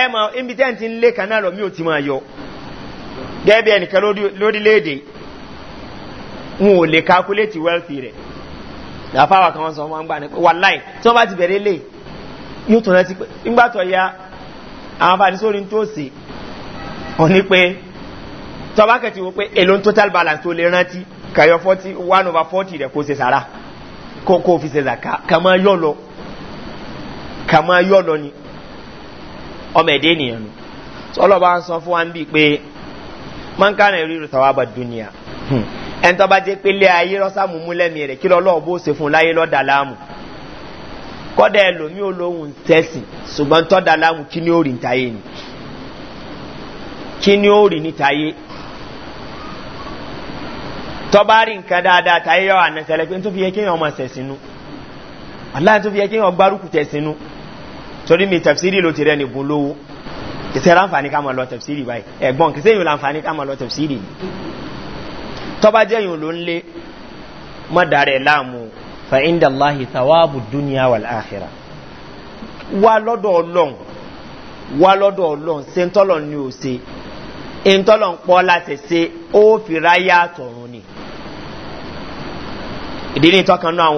ẹ mọ̀ ibi tẹ́ǹtì ń lé kan náà lọ mí ò ti máa yọ. gẹ́gẹ́ bí ẹnìkan lórílẹ̀-èdè n ò lè calculate wealth rẹ̀ làfáwà kan sọ wọn gbà ní pé wàláì tí wọ́n bá ti bẹ̀rẹ̀ lè yóò ti pé ya àwọn afáàní sórí tó sè wọ́n ní pé tọ́ba kẹ̀tì pé èlò ń total balance tó lè rántí kàyọ one over forty rẹ̀ kó ṣe sàrà kó kó fi ṣe zaka máa lọ ni ọmọ ẹ̀dẹ́ ènìyàn nù ọlọ́ba sọ fún wa ń máa ń ká náà ríru sàwábà dúnìá ẹn tó bá jẹ́ pé lé ayé rọ́sàmù mú lẹ́mìí rẹ̀ kí lọ́lọ́ bó ṣe fún láyé lọ́dà láàmù kọ́dà ẹlòmí olóhùn tẹ̀sìn ṣùgbọ́n tọ́dà láàmù kí ni ó rì níta yé ni kí ni ó rì níta yé tọ́ba rí nǹkan dáadáa táyé yọ ànàtẹ̀lẹ́ pé tó fi yẹ kéèyàn ọmọ ṣẹ̀sìnú aláàtúfi yẹ kéèyàn gbárùkù tẹ̀sìnú torí mi tàfsírì ló ti rẹ̀ nìbùn lówó kìsẹ́ láǹfààní ká mọ̀ lọ tẹ̀síìrì báyìí ẹ̀gbọ́n kìsẹ́ yìí láǹfààní ká mọ̀ lọ tẹ̀síìrì tọ́ba jẹ́ yìí ló ń lé mọ́ dàrẹ̀ láàmú fàíndàláhì tàwáàbù dúnìá wà láàkìrà wà lọ́dọ̀ ọlọ́run wà lọ́dọ̀ o ṣe ń tọ́lọ̀ ń pọ́ láti ṣe ó fi ráyà tọ̀run ni ìdí ní ìtọ́kan náà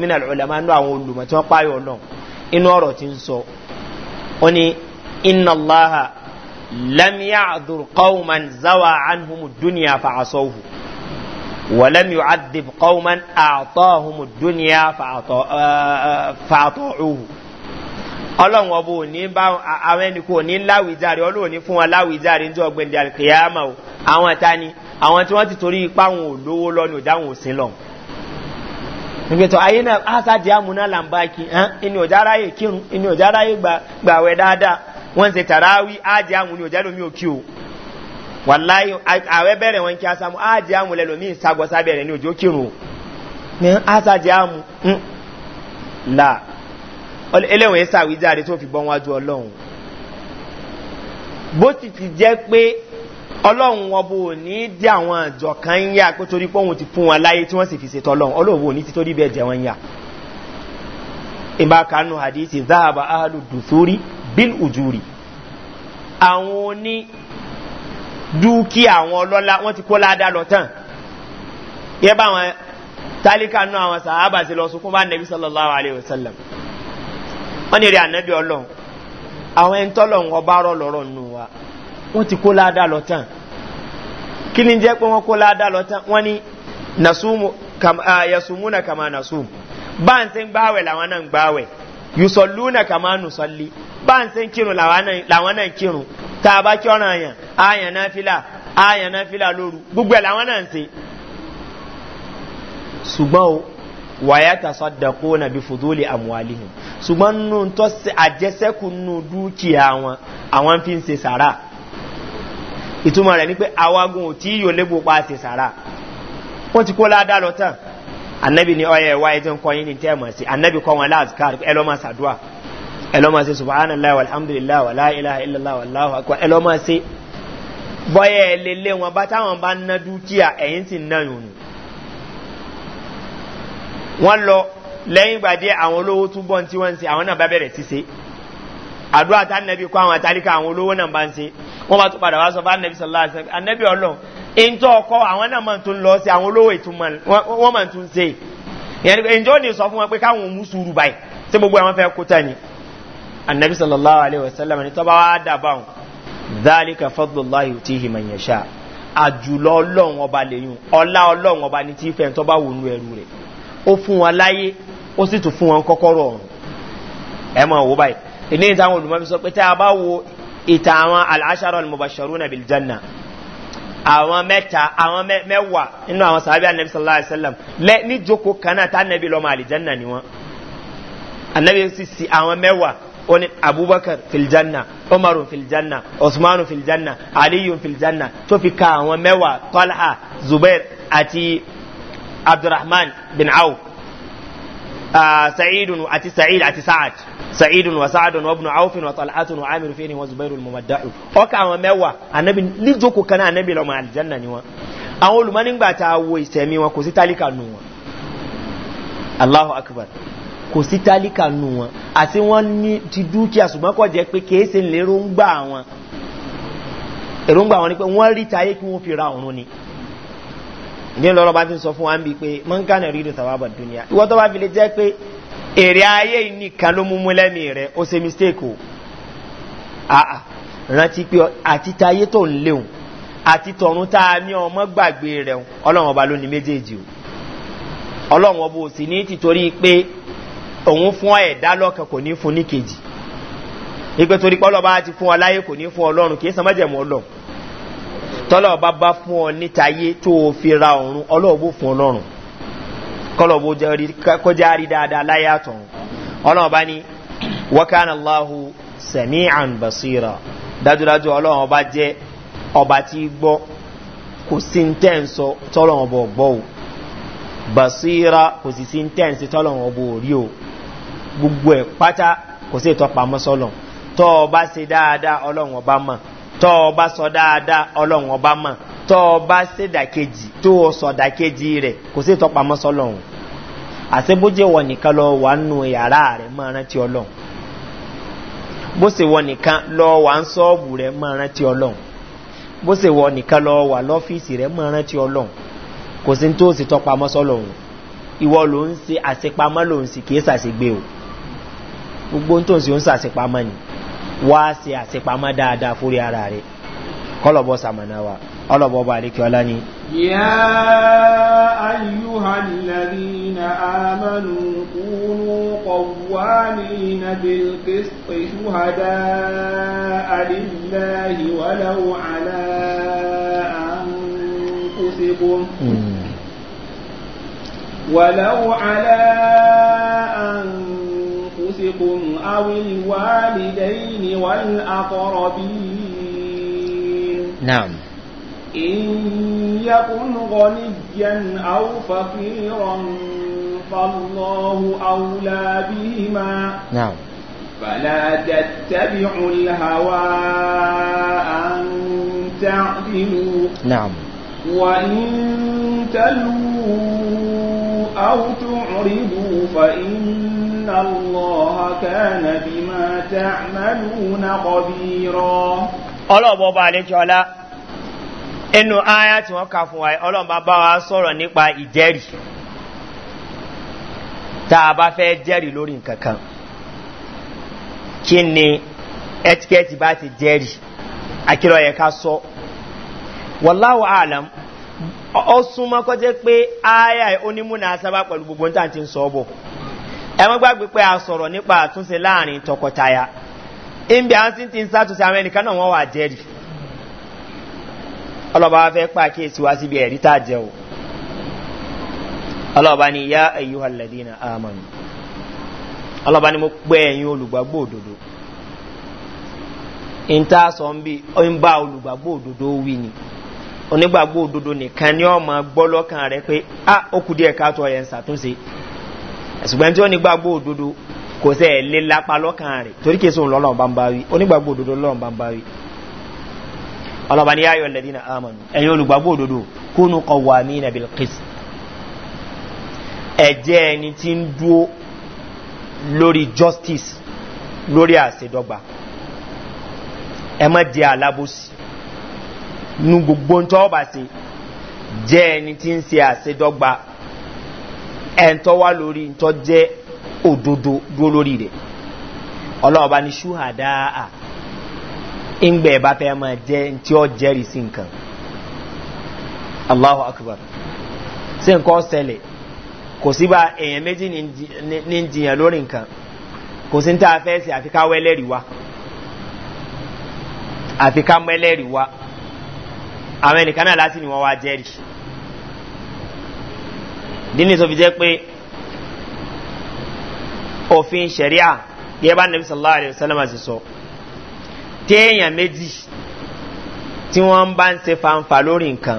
mina al-ulama náà àwọn olùmọ̀ tí wọ́n pààyàn inú ọ̀rọ̀ ti ń sọ ó ní iná láha lẹ́míà àdùrkọ́wùmán záwà ánhùmù dúnìá fàásọ́wù wọ̀lẹ́mí àdùrkọ́wùmán àtọ́hùmù dúnìá fàátọ́hùwù ọlọ́run ọba ò ní bá àwọn ẹni kò ní láwìjáre ọlọ́run ní fún wọn láwìjáre ní ọgbẹ̀ndẹ̀ àkèyàmà o àwọn ta ni àwọn tí wọ́n ti torí ipá wọn ò lówó lọ́nà ò òsín lọ́hùn nígbà tó ayé náà ásájì àmúná na ẹni ọ̀já aráyè kírun ẹni ọ̀já aráyè gbàwẹ̀ dáadáa wọ́n ṣe tàràwí ni ọ̀já lómi òkè o wàláyé àwẹ̀ bẹ̀rẹ̀ wọn kí ásámú ájì àmú lẹ́lòmí ìsagbọ́sá bẹ̀rẹ̀ ní òjò kírun o ní ásájì àmú là eléwọ̀n ẹ̀ sàwíjáde tó fi bọ́ wájú ọlọ́run bó ti ti jẹ́ pé ọlọ́run ọbọ òní dí àwọn àjọ kan ń yá pé torí pé òun ti fún wọn láyé tí wọ́n sì fi ṣètò ọlọ́run ọlọ́run òní ti torí bẹ́ẹ̀ jẹ́ yá ìbákanu hadithi záàbà ahalu dùsúrí bíl ujúri àwọn oní dúkìá àwọn ọlọ́lá wọ́n ti kó ládà lọ tán yẹ bá àwọn tálíkà nù àwọn sàábà sí lọ sunkún bá nàbí sallallahu alayhi wa sallam wọ́n ní rí ànábì ọlọ́run àwọn ẹ̀ńtọ́lọ́run ọba rọ̀ lọ́rọ̀ nù wa wọ́n ti kó ládàá lọ tán kí ni jẹ́ pé wọ́n kó ládàá lọ tán wọ́n ní yasumuna kama nasum bá ń sẹ́ ń gbáwẹ̀ làwọn náà ń gbáwẹ̀ yusoluna kama nusolli bá ń sẹ́ ń kírun làwọn náà ń kírun tá a bá kí ọ̀ràn àyàn àyàn náà fìlà àyàn náà fìlà lóru gbogbo ẹ̀ làwọn náà ń se ṣùgbọ́n o wàyà tasọ́dàkó na bí fòdólè àmúwálìhìn ṣùgbọ́n nù tó àjẹsẹ́kù nù dúkìá wọn àwọn fi ń se sàrà ìtumọ̀ rẹ̀ ní pé awagun ò tí yóò lébò pa àti sàrà wọ́n ti kó ládá lọ tán annabi ni ọyẹ ẹ̀wà ẹ̀jẹ̀ ń kọ́ yín ní tẹ́ẹ̀mọ̀ sí annabi kọ́ wọn láàzùkárù ẹlọ́mà sàdúà ẹlọ́mà sí subhanallah alhamdulillah illallah wa láhùn akọ ẹlọ́mà sí bọ́yẹ̀ ẹlẹ́lẹ́ wọn bá táwọn bá ná dúkìá ẹ̀yìn ti ná yòónù wọ́n lọ lẹ́yìn gbàdé àdúrà tá nẹ́bí kọ́ àwọn àtàríkà àwọn olówó náà bá ń se wọ́n bá tún padà wá sọ fún nẹ́bí sọlá àṣẹ ànẹ́bí ọlọ́n ìntọ́ ọkọ àwọn náà máa tún lọ sí àwọn olówó ìtumọ̀ wọ́n máa tún se yẹn ní ìjọ ní sọ fún wọn pé káwọn mú sùúrù báyìí tí gbogbo àwọn fẹ́ kó tani ànẹ́bí sọlá àlẹ́ wàsálàm ní tọ́ba wá dàbà wọn dálíkà fọdùláyò tí ì mọ̀ yẹn ṣá àjùlọ ọlọ́run ọba lẹ́yìn ọlá ilé ìtàwọn olùmọ́bí sọ pé tí a bá wo ìta àwọn al'asharar al-mubasharu na biljanna àwọn mẹ́ta àwọn mẹ́wàá inú àwọn sàábí annabi sallallahu alaihi wasallam lẹ ní jókòó kanáà tá annabi lọ́mọ alìjanna ni wọn annabi sì sí àwọn mẹ́wàá oni abubakar filjanna umarun filjanna osmanun filjanna aliyun filjanna tó fi ka àwọn mẹ́wàá tọ́lá zubair àti abdulrahman bin auf sa'idun àti sa'id àti sa'ad sa'idun wa sa'adun wa ibn aufin wa tal'atun wa amiru fi wa zubairu al-mumadda'u ọkà àwọn mẹ́wàá anabi níjókòó kan anabi lọ́mọ aljanna ni wọn àwọn olùmọ́nígbà ta wo ìsẹ̀mí wọn kò sí tálíkà nù wọn allahu akbar kò sí tálíkà nù wọn àti wọn ní ti dúkìá ṣùgbọ́n kọ́ jẹ́ pé kìí ṣe lérò ń gbà wọn èròǹgbà wọn ni pé wọ́n rí tayé kí wọ́n fi ra ọ̀run ni ní lọ́rọ̀ bá ti sọ fún wa ń bi pé mọ́ńkánà rídò tàbábà dúnìá ìwọ́n tó bá fi lè jẹ́ pé èrè ayé nìkan ló múmú lẹ́mìí rẹ̀ ó ṣe mistake àà rántí pé àti tayé tó ń léwu àti tọ̀run tá a ní ọmọ gbàgbé rẹ̀ ọlọ́run ọba ló ní méjèèjì o ọlọ́run ọba ò sì ní títorí pé òun fún ẹ̀dá lọ́kàn kò ní fún ní kejì ìpè torí pé ọlọ́ba ti fún ọ láyé kò ní fún ọlọ́run kì í sanmọ́jẹ̀mú ọlọ́run tọ́lọ̀ bá bá fún ọ nítayé tó o fi ra ọ̀run ọlọ́ọ̀bù fún ọlọ́run kọlọ̀bù kọjá rí dáadáa láyàtọ̀ ọlọ́ọ̀bá ni wọ́kánà láhù sẹ̀mí àn basira dájúdájú ọlọ́ọ̀bá jẹ́ ọba tí gbọ́ kò sí ń tẹ́ tọ́lọ̀ọ̀bọ̀ gbọ́ o basira kò sí ń tọ́lọ̀ọ̀bọ̀ rí o gbogbo ẹ̀ pátá kò sí ìtọ́pamọ́ tọ́ ọba ṣe dáadáa ọlọ́ọ̀bá mọ̀ tọ́ ọba sọ dáadáa ọlọ́run ọba mọ̀ tọ́ ọba bá ṣèdàkejì tó o sọ̀dàkejì rẹ̀ kò sí ìtọ́pamọ́ sọlọ́run wọ nìkan lọ wà nù yàrá rẹ̀ rántí ọlọ́run bó ṣe wọ nìkan lọ wà ń sọ́ọ̀bù rẹ̀ rántí ọlọ́run bó ṣe wọ nìkan lọ wà lọ́fíìsì rẹ̀ ọlọ́run kò sí o sì tọ́pamọ́ sọlọ́run ìwọ ló ń ṣe àṣepamọ́ ló o gbogbo tó ń wá ṣe àṣepamọ́ dáadáa fúri ara rẹ̀ kọlọ̀bọ̀ sàmànà wa ọlọ̀bọ̀ bá àríkẹ́ ọlá ni.
yá ayyuhan na bilkisti shuhada alillahi walau ala anfusikum hmm. walau ala منكم أو الوالدين والأقربين نعم إن يكن غنيا أو فقيرا فالله أولى بهما نعم فلا تتبعوا الهوى أن تعدلوا نعم وإن تلووا أو تعرضوا فإن إن الله كان بما تعملون خبيرا ọlọ́ọ̀bọ̀ ọba àlejò ọlá
aya tí wọ́n kà fún wa ọlọ́ọ̀bá bá wa sọ̀rọ̀ nípa ìjẹ́rì lori bá fẹ́ jẹ́rì lórí kí ni ẹtikẹ́tì bá ti jẹ́rì àkírọ̀ yẹn ká sọ wàláwọ̀ àlàm ọ súnmọ́ kọjá pé onímúnà pẹ̀lú gbogbo ní tàǹtí ẹ̀wọ́n gbàgbé pé a sọ̀rọ̀ nípa àtúnṣe láàrin tọkọtaya ìbí à ń sì ti ń sàtúnṣe àwọn ẹnìkan náà wọ́n wà jẹ́rì ọlọ́ba wa fẹ́ pa kéèsì wá síbi ẹ̀rí tá a jẹ́ o ọlọ́ba ni ya ẹ̀yí na àmàmì ọlọ́ba ni mo pẹ́ ẹ̀yin olùgbàgbọ́ òdodo ń tá a sọ ń bí ó ń bá olùgbàgbọ́ òdodo wí ni onígbàgbọ́ òdodo nìkan ni gbọ́ lọ́kàn rẹ pé a ah, ó kù díẹ̀ káàtó ṣùgbọ́n tí ó nígbàgbọ́ òdodo kò sẹ́ lè lápá lọ́kàn rẹ̀ torí kí sóhun lọ́lọ́run bá ń bá wí onígbàgbọ́ òdodo lọ́lọ́run bá ń bá wí ọlọ́ba ní ayọ̀ lẹ́dí na amọ̀nù ẹ̀yin olùgbàgbọ́ òdodo kúnú ọwọ́ àmì nàbí kìs ẹ̀jẹ̀ ẹni tí ń dúó lórí justice lórí àṣedọ́gba ẹ má jẹ́ alábòsí nu gbogbo ń tọ́ ọba ṣe jẹ́ ẹni tí ń ṣe àṣedọ́gba ẹ̀ńtọ́ wá lórí ńtọ́ jẹ́ òdodo lori lórí rẹ̀ ọlọ́ọ̀bá ni ṣúhàdá à ńgbẹ̀ bá fẹ́ máa jẹ́ tí ó jẹ́rìí sí nǹkan allahu akbar sí nǹkan ọ̀sẹ̀lẹ̀ kò sí bá èèyàn méjì ní jiyàn lórí nǹkan kò sí wa àfi ká wa àwọn náà láti ni wọ́n wá jẹ́rìí dínní tó fi jẹ́ pé òfin sẹ̀ríà yẹ bá nàbí sàlá àlè sàlámà sì sọ téèyàn méjì tí wọ́n bá ń se fanfa lórí nǹkan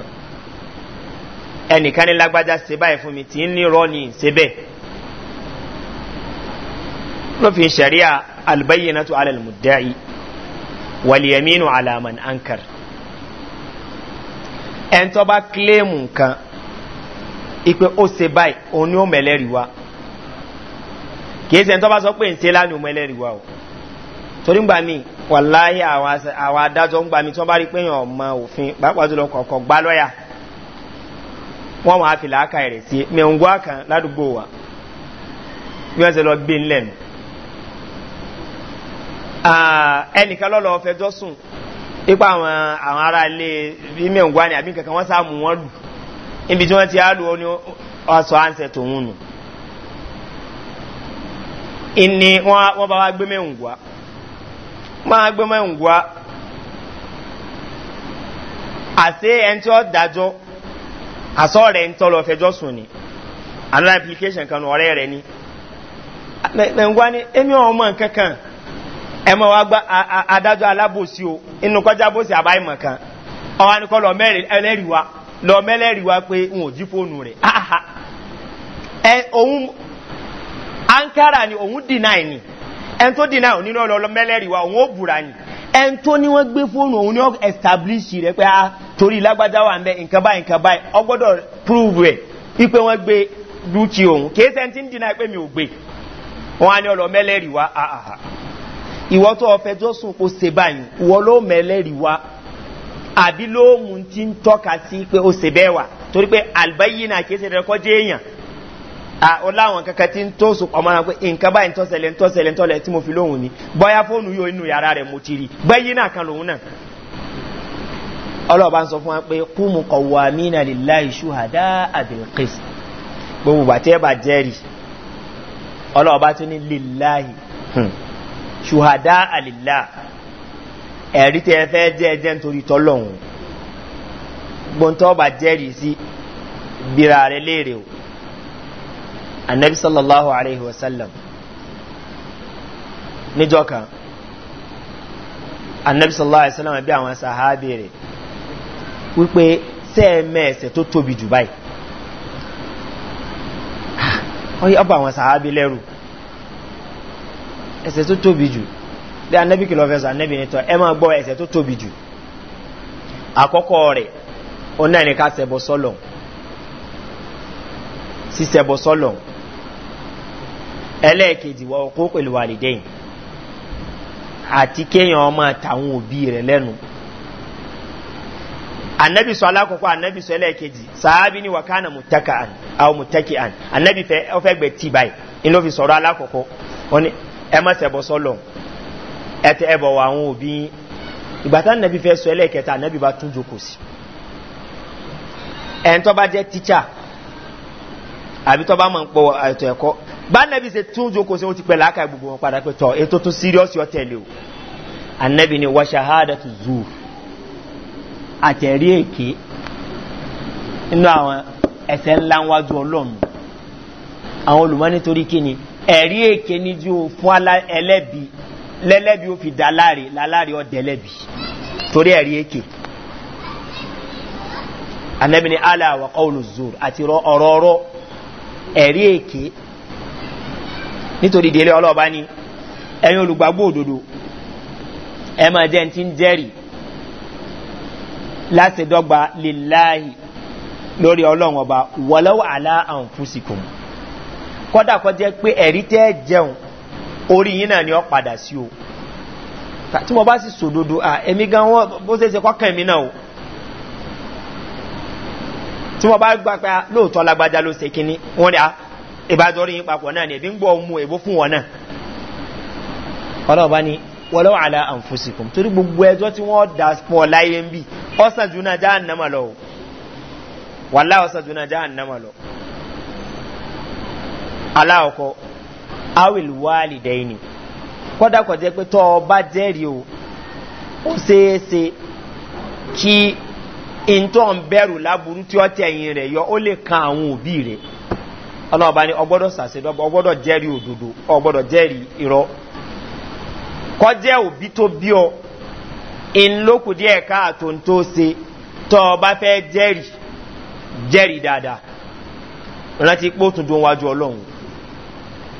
ẹnìkan ní lágbájá se báyìí fún mi tí ń ní rọ́ọ̀nì se bẹ́ẹ̀ lófin sẹ̀ríà albayyana tó alẹ́ mùdáì wàlìyàmínú alaman ankar ẹ̀ńtọ́ bá kílẹ̀mù nǹkan ipe ó se báyìí òun ni ó mẹ̀lẹ́rì wa kìí sẹ́ni tó bá sọ pé ń se lánàá mẹ̀lẹ́rì wa o torí ń gbà mí wàláyé àwọn adájọ́ ń gbà mí tí wọ́n bá rí pé èèyàn ọmọ òfin pàápàá jùlọ kọ̀ọ̀kan gbá lọ́yà wọ́n máa fi làákà rẹ̀ sí mẹ̀ǹgọ́ kan ládùúgbò wa bí wọ́n ṣe lọ gbé ńlẹ̀ nù ẹnìkan lọ́lọ́ fẹjọ́ sùn ipa àwọn ará ilé bí mẹ̀ǹgọ́ ni àbí kankan wọ́n sá mú wọn lù níbi tí wọ́n ti á lù ọ́ ní ọ̀sọ̀ àǹsẹ̀ tòun nù ìní wọ́n bá wá gbé mẹ́wùngwá máa gbé mẹ́wùngwá àti ẹni tí ó dájọ́ àsọ́ rẹ̀ ń tọ́lọ fẹjọ́ sùn ni another application kan ọ̀rẹ́ rẹ̀ ni mẹ́wùngwá ni èmi ọmọ kankan ẹ mọ̀ wá gbá adájọ́ alábòsí o inú kọjá bósí àbáyìmọ̀ kan ọ̀hánìkọlọ̀ mẹ́rin ẹlẹ́rìí wa. lọ mẹ́lẹ́rìí wá pé wọn ò jí fóònù rẹ̀ ankara ni òun deny ni ẹn tó deny òun nínú ọlọ mẹ́lẹ́rìí ọ òun ó bùra ni ẹn tó ní ni wọn establish rẹ̀ pé a ah, torí lágbájá wà ń nǹkan báyìí nǹkan báyìí ọgbọ́dọ̀ prove rẹ̀ wípé wọ́n gbé dúkìá òun kì í ń deny pé mi ò gbé wọn á ní ọlọ tó àbí lóòmù tí ń tọ́ka sí pé ó ṣe bẹ́ẹ̀ wà torí pé àlùbáyínà kìí ṣe rẹ̀kọ́ jẹ́ èèyàn ó láwọn kankan tí ń tó sùn ọmọ náà pé nǹkan báyìí ń tọ́sẹ̀lẹ̀ ń tọ́sẹ̀lẹ̀ ń tọ́lẹ̀ tí mo fi lóhùn ni bọ́yá fóònù yóò inú yàrá rẹ̀ mo ti rí báyínà kan lòun náà ọlọ́ọ̀bá ń sọ fún wa pé kúmù kọ̀wá mínà lè láì ṣúhàdá àbẹ̀lẹ̀kẹ́sì gbogbo bàtẹ́ bà jẹ́rì ọlọ́ọ̀bá tún ní lè láì ṣúhàdá àlìláà ẹ̀rí tẹ́ fẹ́ jẹ́ ẹjẹ́ nítorí tọ́lọ́hun gbọ́ntọ́ọ̀bà jẹ́rì sí bíra rẹ̀ léèrè o sallallahu alaihi wasallam níjọ́ kan annabi sallallahu alaihi wasallam bí àwọn sàhábì rẹ̀ wípé sẹ́ẹ̀mẹ́ tó tóbi jù báyìí ah, ọ̀yẹ́ ọba àwọn sàhábì lẹ́rù ẹ̀sẹ̀ tó tóbi bí anabi kìlọ̀ fẹsẹ̀ anabi ni tọ́ ẹ máa gbọ́ ẹsẹ̀ tó tóbi jù àkọ́kọ́ rẹ̀ ó náà ní ká sẹ̀bọ̀ sọ́lọ̀ sí sẹ̀bọ̀ sọ́lọ̀ ẹlẹ́ẹ̀kejì wọ kó pẹ̀lú wàlídẹ́yìn àti kéèyàn ọmọ àtàwọn òbí rẹ̀ lẹ́nu anabi sọ alakoko anabi sọ ẹlẹ́ẹ̀kejì sàábì ni wakana mutaka an awo mutaki an anabi fẹ ọfẹ gbẹ tí báyìí ni ló fi sọrọ alakoko wọn ni ẹ má sẹbọ sọlọ ẹ̀tẹ̀ ẹbọ̀ wà àwọn òbí ìgbàtà nàbí fẹ́ sọ ẹlẹ́ẹ̀kẹta nàbí bá tún jókòó sí ẹ̀ń tọ́ bá jẹ́ tíṣà àbí tọ́ bá máa ń pọ̀ ètò ẹ̀kọ́ bá nàbí ṣe tún jókòó sí ó ti pẹ̀ láàkà gbogbo wọn padà pé tọ́ ètò tún síríọ́sì ọ̀tẹ̀lẹ̀ o ànàbí ni wàṣà háàdà tó zù àtẹ̀rí èké inú àwọn ẹ̀sẹ̀ ńlá wájú ọlọ́run àwọn olùmọ́ nítorí kíni ẹ̀rí èké ní fún ẹlẹ́bi lẹ́lẹ́bi ó fi dá láre láláre ọ́ dẹ́lẹ́bi torí ẹ̀rí èké anabi ni ala wa qawlu zur àti ọ̀rọ̀ ọ̀rọ̀ ẹ̀rí èké nítorí délé ọlọ́ọ̀bá ni ẹ̀yin olùgbàgbọ́ òdodo ẹ máa jẹ́ ti ń jẹ́rìí láti dọ́gba lèláàyè lórí ọlọ́run ọba wọ́lọ́wọ́ àlá àwọn kọ́dà kọ́ jẹ́ pé ẹ̀rí tẹ́ jẹun orí yín náà ni ọ padà sí o tí mo bá sì sòdodo à ẹ̀mí gan wọ́n bó ṣe ṣe kọ́kàn ẹ̀mí náà o tí mo bá gbà pé lóòótọ́ lágbájá ló ṣe kínní wọ́n ní à ìbádọ́rí yín papọ̀ náà ni ẹ̀bí ń gbọ́ ọmú ẹ̀bó fún wọn náà ọlọ́ọ̀bá ni wọ́n lọ́wọ́ àlà àǹfọ̀sìkùn torí gbogbo ẹjọ́ tí wọ́n dà pọ̀ láyé ń bì ọ̀sán jùnà já ànàmà lọ wàlá ọ̀sán jùnà já ànàmà lọ aláwọ̀kọ́ awil walidaini kọ́dà kọ́ jẹ́ pé tọ́ bá o ó ṣeéṣe kí ntọ́ ń láburú tí ó tẹ̀yìn rẹ̀ yọ ó lè kan àwọn òbí rẹ̀ ọlọ́ọ̀bá ni ọgbọ́dọ̀ sàṣedọ́gba ọgbọ́dọ̀ jẹ́rìí òdodo ọgbọ́dọ̀ jẹ́rìí irọ́ kọjá òbí tó bí ọ ńlọ́kù díẹ̀ káàtó tó ṣe tọ́ ọ bá fẹ́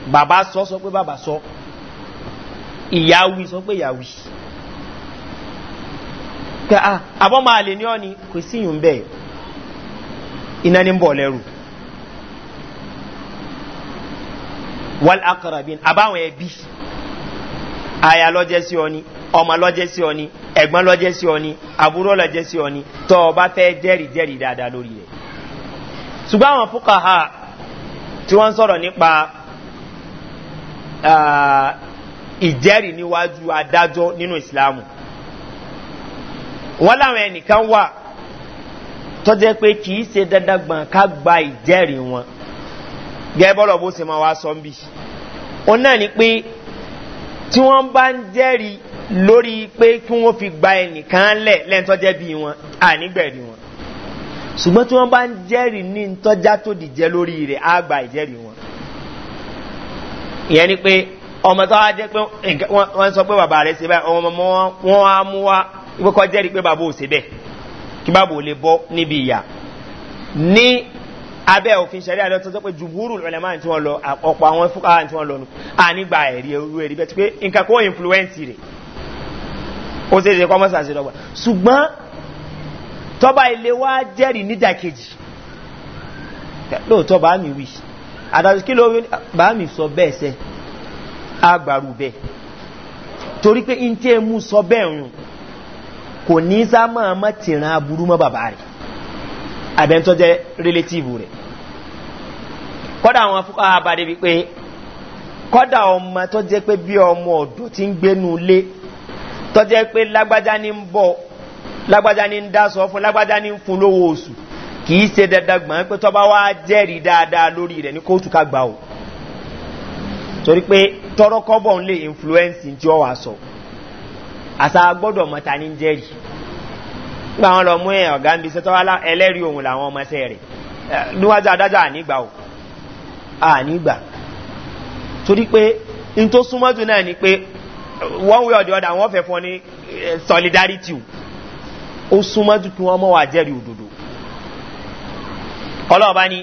bàbá sọ sọ pé bàbá sọ ìyáwí sọ pé ìyáwí pé à ah, àbọ̀ máa lè ní ọ́ ni kò sí yùn bẹ́ẹ̀ iná ní bọ̀ lẹ́rù ẹbí aya lọ́jẹ́ sí ọ ni ọmọ lọ́jẹ́ sí ọ ni ẹ̀gbọ́n lọ́jẹ́ sí ọ ni àbúrò lọ́jẹ́ sí ọ ni tọ́ ọ ha tí wọ́n sọ̀rọ̀ nípa ìjẹ́rìí níwájú adájọ́ nínú ìsìláàmù wọ́n láwọn ẹnìkan wà tó jẹ́ pé kì í ṣe dandan gbọ̀n ká gba ìjẹ́rìí wọn gẹ́gẹ́ bọ́lọ̀ bó ṣe máa wá sọ ń bì òun náà ni pé tí wọ́n bá ń jẹ́rìí lórí pé kí wọ́n fi gba ẹnìkan lẹ̀ lẹ́ńtọ́jẹ́ bí wọn ànígbẹ̀rí wọn ṣùgbọ́n tí wọ́n bá ń jẹ́rìí ní ntọ́já tó dìjẹ́ lórí rẹ̀ á gba ìjẹ́rìí wọn ìyẹn ni pé ọmọ tó wá jẹ́ pé wọ́n sọ pé bàbá rẹ̀ ṣe báyìí ọmọ wọn á mú wá ìgbẹ́kọ̀ jẹ́rìí pé bàbá ò ṣe bẹ́ẹ̀ kí bàbá ò lè bọ́ níbi ìyà ní abẹ́ òfin ṣẹlẹ̀ àlọ́ tó sọ pé jùbúrù ọ̀lẹ́mà tí wọ́n lọ ọ̀pọ̀ àwọn fúkà tí wọ́n lọ nù ànígbà ẹ̀rí ẹrú ẹ̀rí bẹ́ẹ̀ ti pé nǹkan kó influence rẹ̀ ó ṣe ṣe kọ́mọ́sí àṣẹ lọ́gbà ṣùgbọ́n tọ́ba ilé wa jẹ́rìí nídàkejì lóòótọ́ bá mi wí àtàbí kí ló bàámi sọ bẹ́ẹ̀ sẹ́ bẹ́ẹ̀ torí pé n tí ẹ mú sọ bẹ́ẹ̀ kò ní sá máa má tìran aburú mọ́ bàbá rẹ̀ àbẹ̀ntọ́ jẹ́ rélétìvù rẹ̀ kọ́dà àwọn wípé kọ́dà ọmọ tó jẹ́ pé bí ọmọ ọ̀dọ́ ti ń gbénu lé tó jẹ́ pé kì í ṣe dandan gbọ̀n pé tọ́ba wá jẹ́rìí dáadáa lórí rẹ̀ ní kóòtù ká gbà o torí pé tọrọ kọ́bọ̀ ń lè influence tí ọ wà sọ àṣà gbọ́dọ̀ mọ̀ta ní jẹ́rìí nígbà wọn lọ mú ẹ ọ̀gá ń bí sẹ́tọ́ ẹlẹ́rìí òun làwọn ọmọọṣẹ́ rẹ̀ níwájú adájọ́ ànígbà o ànígbà torí pé n tó súnmọ́ jù náà ni pé one way or the wọ́n fẹ́ fọ́ ní solidarity ó súnmọ́ jù kí wọ́n mọ̀ wá jẹ́rìí òdodo ọlọ́ọ̀bá ni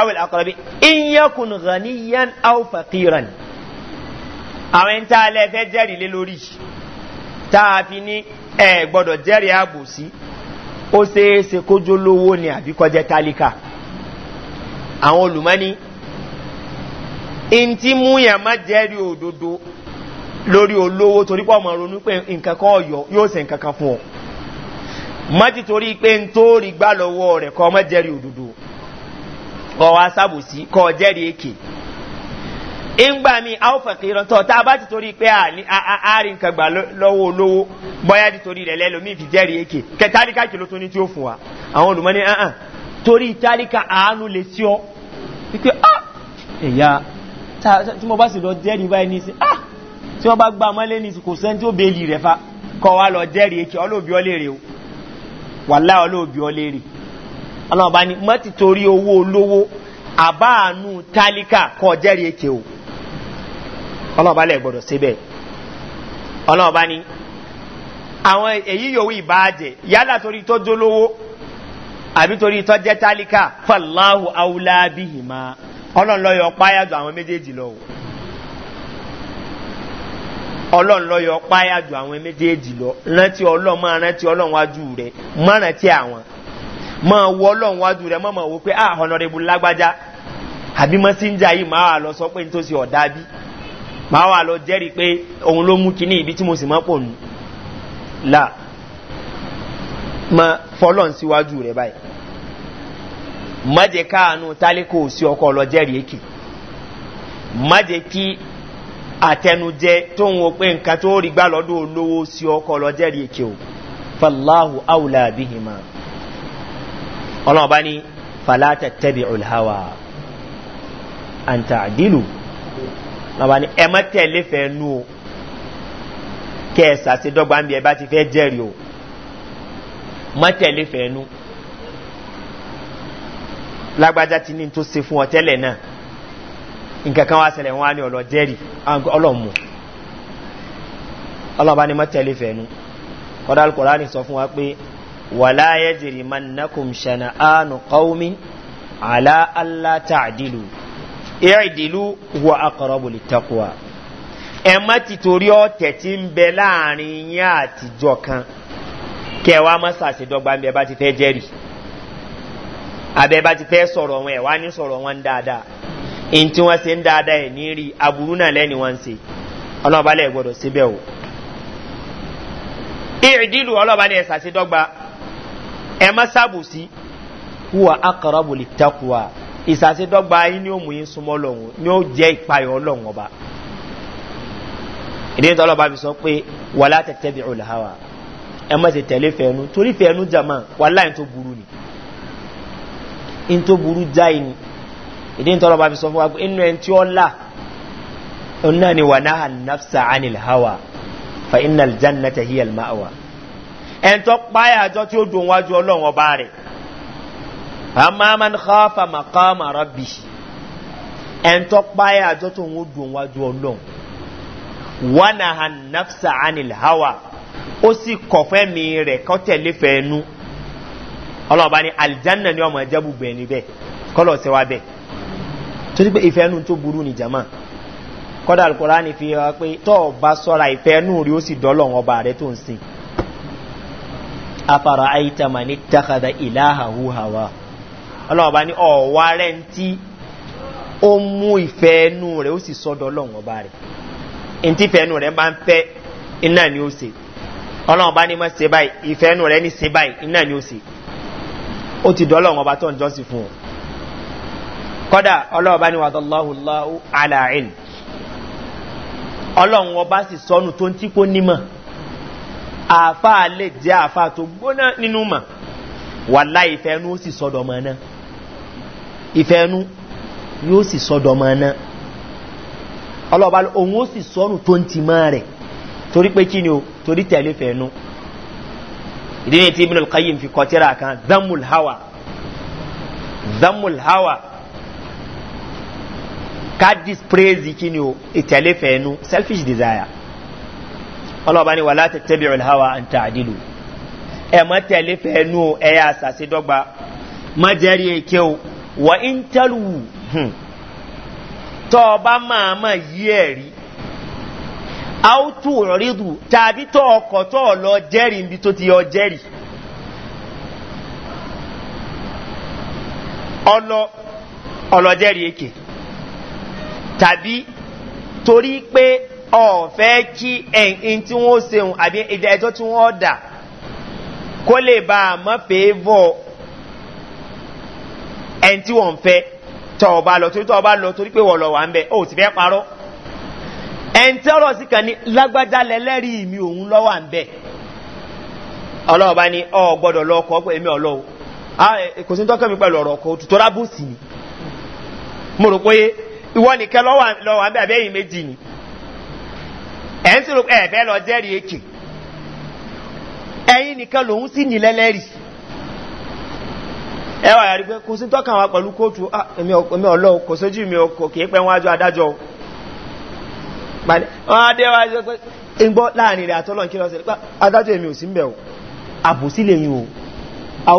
awil akọrọbi inyakun ghaniyan aw faqiran àwọn ẹni tá a lẹ fẹ́ jẹ́rìí lé lórí tá a fi ní ẹ gbọ́dọ̀ jẹ́rìí àbòsí ó ṣeéṣe kójó lówó ni àbí kọjá tálíkà àwọn olùmọ́ni ntí múyàn má jẹ́rìí òdodo lórí olówó torí pọ̀ mọ̀ ronú pé nǹkan kan ọ̀yọ́ yóò ṣe nǹkan kan fún ọ. má ti torí pé n tó rí gbá lọ́wọ́ rẹ̀ kọ́ ọmọ jẹ́rìí òdodo kọ́ wa sábòsí kọ́ jẹ́rìí èké ńgbà mi tọ́ tá a bá ti torí pé àárín nǹkan gbà lọ́wọ́ olówó bọ́yá ti torí rẹ̀ fi jẹ́rìí èké kẹtàríkà kìló tó ní tí ó fún wa àwọn olùmọ́ wà láà olóòbí ọlẹ́rì ọlọ́ọ̀bá ni mọ́ ti torí owó olówó àbáànú tálíkà kọ́ jẹ́rìí èké o ọlọ́ọ̀bá lẹ̀ gbọ́dọ̀ síbẹ̀ ọlọ́ọ̀bá ni àwọn èyí yòówù ìbáàjẹ́ yálà torí tó jólówó àbí torí tó jẹ́ tálíkà fọláhù awúlábìhìmá ọlọ́ọ̀lọ́yọ̀ páyàjọ àwọn méjèèjì lọ́wọ́ ọlọ́run ya páyà ju àwọn méjèèjì lọ rántí ọlọ́run máa rántí ọlọ́run wájú rẹ má rántí àwọn máa wọ ọlọ́run wájú rẹ̀ máa wò pé ah ọ̀nàdébù lágbájá àbí mọ́síńjà yìí máa wà lọ sọ pé nítòsí ọ̀dà bí máa wà lọ jẹ́rìí pé òun ló mú kinní ibi tí mo sì nù là máa síwájú báyìí má jẹ́ àtẹnujẹ tó ń wo pé nǹkan tó rí gbá lọ́dún olówó sí ọkọ̀ lọ́jẹ́ rí o fàláhù àwùlà àbíhìmá ọlọ́ọ̀bá ní fàlátà tẹ́bi olùhàwà àǹtàdìlù lọ́ba ní ẹ má fẹ́ nú o kẹ́ ẹ sàṣedọ́gba ń bí ti fẹ́ jẹ́rìí o má fẹ́ ti ní tó se fún ọ tẹ́lẹ̀ náà nǹkan kan wá sẹlẹ̀ wọn á ní ọ̀lọ́ jẹ́rì ọlọ́mù ọlọ́ba ni mọ́tẹ́lẹ̀ fẹ̀nu kọ́dá alukọ̀rá ni sọ fún wa pé wàlá ayẹ́jìrì máa nàkùn ṣànà ánù kọ́wmi àlá alá tàdílù ìyá ìdílù wọ akọ̀rọ̀bùlì tẹ́kùwà ẹ má ti torí ọ̀tẹ̀ tí ń bẹ láàrin yín àtijọ́ kan kẹwàá má sàṣedọ́gba ń bẹ bá ti fẹ́ jẹ́rì abẹ bá ti fẹ́ sọ̀rọ̀ wọn ẹ̀ wá ní sọ̀rọ̀ wọn dáadáa in tí wọ́n se ń dáadáa ní rí aburú náà lẹ́ni wọ́n se ṣe ọlọ́ọ̀bá lẹ́ẹ̀ síbẹ̀ o. ìdílù ọlọ́ọ̀bá ni ẹ̀sà sí dọ́gba ẹ lè takuwa yín ni ó mú yín súnmọ́ ni jẹ́ ìpayọ̀ mi sọ pé wàlá má tẹ̀lé torí jàmá wàlá ni yín tó burú ìdí ìtọ́lọ̀ bá fi sọ fún wa pé inú ẹni tí ó là òun náà ni wà náà nafsa anil hawa fa iná aljanna ta hiya alma'awa ẹni tó páyà àjọ tí ó dùn wájú ọlọ́run ọba rẹ̀ àmàmà ń kọ́fà màkàmà rọ́bì ẹni tó páyà àjọ tó ń dùn wájú ọlọ́run wà náà nafsa anil hawa ó sì kọ̀fẹ́ mi rẹ̀ kọ́ tẹ̀lé fẹ́ẹ́ nú ọlọ́ọ̀bá ni aljanna ni ọmọ ẹjẹ́ bùgbẹ̀ ni bẹ́ẹ̀ kọ́lọ̀ sí wa bẹ́ẹ̀ torí pé ìfẹ́ nù tó burú ni jama kọ́dà alukóra ni fi hàn pé tọ́ ọ bá sọ́ra ìfẹ́ nù rí ó sì dọ́lọ̀ wọn ọba rẹ tó ń sìn afara aitama ní takada ìlàhà hùhàwà ọlọ́wọ́n bá ní ọ̀wá rẹ̀ ń tí ó mú ìfẹ́ nù rẹ̀ ó sì sọ́dọ̀ lọ́wọ́n ọba rẹ̀ ntí ìfẹ́ nù rẹ̀ bá ń fẹ́ iná ni ó sè ọlọ́wọ́n bá ní mọ́ ṣe báyìí ìfẹ́ nù rẹ̀ ní ṣe báyìí iná ni ó sè ó ti dọ́lọ̀ ọba tó ń jọ́sìn fún un kọ́dà ọlọ́ọ̀bá ni wàdàláhùláhù aláàrín ọlọ́run ọba sì sọnù tó ń tí kó nímọ̀ àáfà lè jẹ́ àáfà tó gbóná nínú mọ̀ wàlá ìfẹ́nu ó sì sọ́dọ̀ mọ̀ náà ìfẹ́nu yóò sì sọ́dọ̀ mọ̀ náà ọlọ́ọ̀bá òun ó sì sọnù tó ń ti mọ́ rẹ̀ torí pé kí ni o torí tẹ̀lé fẹ́nu ìdí ni tí ibùdó kayim fi kọtíra kan zamul hawa zamul hawa ká dispraise kí ni o ìtẹ̀lé fẹ̀ẹ́nu selfish desire ọlọ́ọ̀bá ni wà láti tẹ́bi ìrìnàwà àǹtà àdìlù ẹ̀ mọ́ tẹ̀lé fẹ̀ẹ́nu o ẹ̀ yà àṣàṣe dọ́gba mọ́ jẹ́rí èké o wà ń tẹ́lù tọ́ ọ bá máa máa yí ẹ̀ rí áútù rídù tàbí tọ́ ọkọ̀ tọ́ ọ lọ jẹ́rìí níbi tó ti yọ jẹ́rìí ọlọ ọlọ jẹ́rìí èké tàbí torí pé ọ̀fẹ́ kí ẹ̀yìn tí wọ́n seun àbí ìdájọ́ tí wọ́n dà kó lè bá a mọ́ fèévọ̀ ẹ̀yìn tí wọ́n fẹ́ tọ̀ ọba lọ torí tọ̀ ọba lọ torí pé wọ́n lọ wà ń bẹ̀ ó ti fẹ́ parọ́ ẹ̀yìn tí ọ̀rọ̀ sí kan ní lágbájá lẹ́lẹ́rìí mi òun lọ́ wà ń bẹ̀ ọlọ́ọ̀bá ni ọ gbọ́dọ̀ lọ ọkọ̀ pé èmi ọlọ́wọ́ kò sí tọ́kẹ́ mi pẹ̀lú ọ̀rọ̀ ọkọ̀ òtútọ́rábùsì ni mo rò pé ìwọ nìkan lọ́wọ́ àbẹ́ àbẹ́yìn méjì ni ẹ̀ ń sọ̀rọ̀ ẹ̀ lọ jẹ́rìí ẹ̀yìn nìkan lòun sì ní lẹ́lẹ́rì ẹ wà pé kò sí tọ́ka wa pẹ̀lú kóòtù ẹ̀mí ah, ọlọ́wọ́ kò sójú mi kò kì í pẹ́ wájú adájọ́ o wọ́n á dé wájú pé ń gbọ́ láàrin rẹ̀ àtọ́lọ́ kí lọ́sẹ̀ pé adájọ́ èmi ò sí o àbòsí lè o a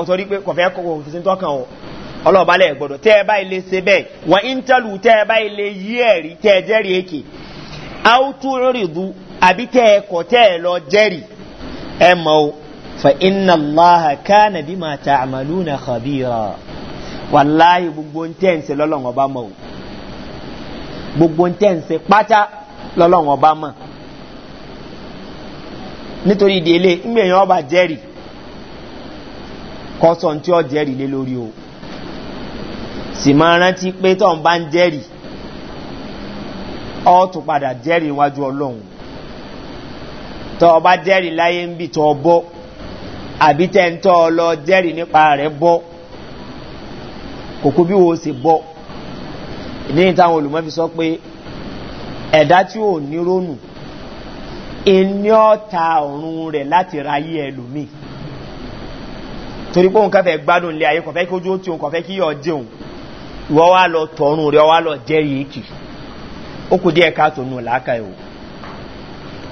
ọ̀tọ́ pé kọ̀fẹ́ kọ̀kọ̀ kò sí tọ́ka ọlọ́ọ̀bálẹ̀ gbọ́dọ̀ tẹ́ ẹ báyìí lè ṣe bẹ́ẹ̀ wọ́n íńtẹ́lù tẹ́ ẹ báyìí lè yí ẹ̀rí tẹ́ ẹ jẹ́rì èkè áútúrìdù àbí tẹ́ ẹ kọ̀ tẹ́ ẹ lọ jẹ́rì ẹ mọ̀ o fa iná láha kánà bí máa ta àmàlú na kàbíra wàláyé gbogbo ń tẹ́ ń ṣe lọ́lọ́wọ́ bá mọ̀ o gbogbo ń tẹ́ ń ṣe pátá lọ́lọ́wọ́ bá mọ̀ nítorí ìdílé ń ọba jẹ́rì kọ́sọ̀ ń tí ọ jẹ́rì lé lórí o sì máa rántí pé tó ń bá ń jẹ́rì ọ́ tó padà jẹ́rì iwájú ọlọ́run tó ọba jẹ́rì láyé ń bì tó bọ́ àbí tẹ́ lọ jẹ́rì nípa rẹ̀ bọ́ kòkó bí wo sì bọ́ ìdí ní táwọn olùmọ́ fi sọ pé ẹ̀dá tí ò ní rónù ìní ọ̀ta ọ̀run rẹ̀ láti ráyé ẹlòmíì torí pé òun kẹfẹ́ gbádùn ilé ayé kọ̀fẹ́ kí ojú ó ti òun kọ̀fẹ́ kí yọ jẹun wọ́n wá lọ tọrún rẹ̀ wá lọ je èkì ó kù díẹ̀ káàtó inú làákàyè o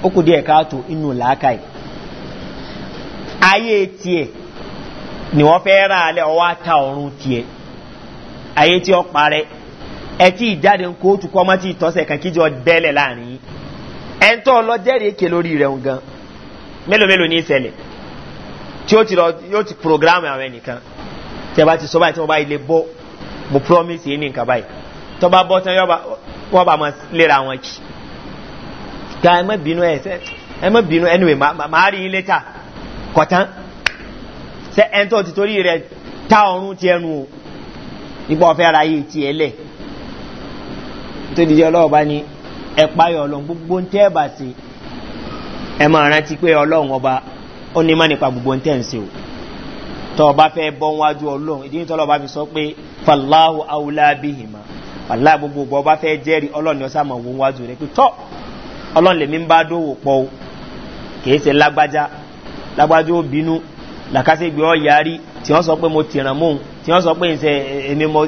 ó kù díẹ̀ káàtó inú ayé tiẹ̀ ni wọ́n fẹ́ ra alẹ́ ọwọ́ ata ọ̀run tiẹ̀ ayé tí ó parẹ́ ẹ ìjáde ń kóòtù ìtọ́sẹ̀ kan kíjọ bẹ́lẹ̀ láàrin yìí ẹ̀ lọ jẹ́rìí èkè lórí rẹ̀ ń gan mélòó mélòó ní ìṣẹ̀lẹ̀ tí ti ti programme àwọn ẹnìkan tí a bá ti sọ báyìí tí wọ́n bá ilé bọ́ mo promise yìí ní nǹkan báyìí tó bá bọ́ tán wọ́n bá máa léra wọn kì gba ẹ mọ́ bínú ẹ ẹ mọ́ bínú anyway màá rí ilé ta kọ̀tán ṣe ẹni tó ti torí rẹ ta ọrùn ti ẹnu o nípa ọ̀fẹ́ ara yìí ti ẹ lẹ̀ tó dìde ọlọ́wọ́ bá ní ẹ páyọ̀ ọlọ́run gbogbo ń tẹ́ ẹ bá ṣe ẹ máa rántí pé ọlọ́run ọba ó ní má nípa gbogbo ń tẹ́ ń ṣe o. tọ́ ọba fẹ́ bọ́ wájú ọlọ́run ìdí ntọ ọba fi sọ pé fàláhù awúlábìhìmá fàlá gbogbo ọba ọba fẹ́ jẹ́rìí ọlọ́run ni ọ̀sán mọ̀ wọ́n wájú rẹ̀ pé tọ ọlọ́run lèmi ń bá dówò pọ̀ o kìí ṣe lágbájá lágbájá ó bínú làkàṣègbè yarí tí sọ pé mo tìràn tí sọ pé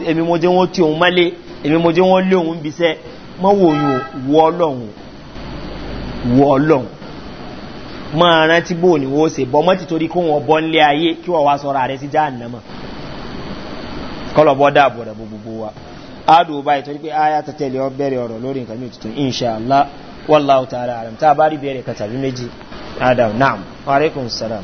èmi mo tí òun èmi mo lé òun wò máa rántí bò ní wọ́n ṣe bọ́ mọ́tì torí kó wọn bọ́ nílé ayé kí wọ́n wá sọ́ra rẹ̀ sí jáànàmọ́ kọlọ̀bọ́ dáàbò rẹ̀ gbogbo wa áàdù báyìí torí pé áyá tẹ́tẹ̀lẹ̀ ọ bẹ̀rẹ̀ ọ̀rọ̀ lórí nǹkan ní òtútù inṣàlá wọ́láwù tá a bá rí bẹ̀rẹ̀ kan tàbí méjì adam naam aleykum salam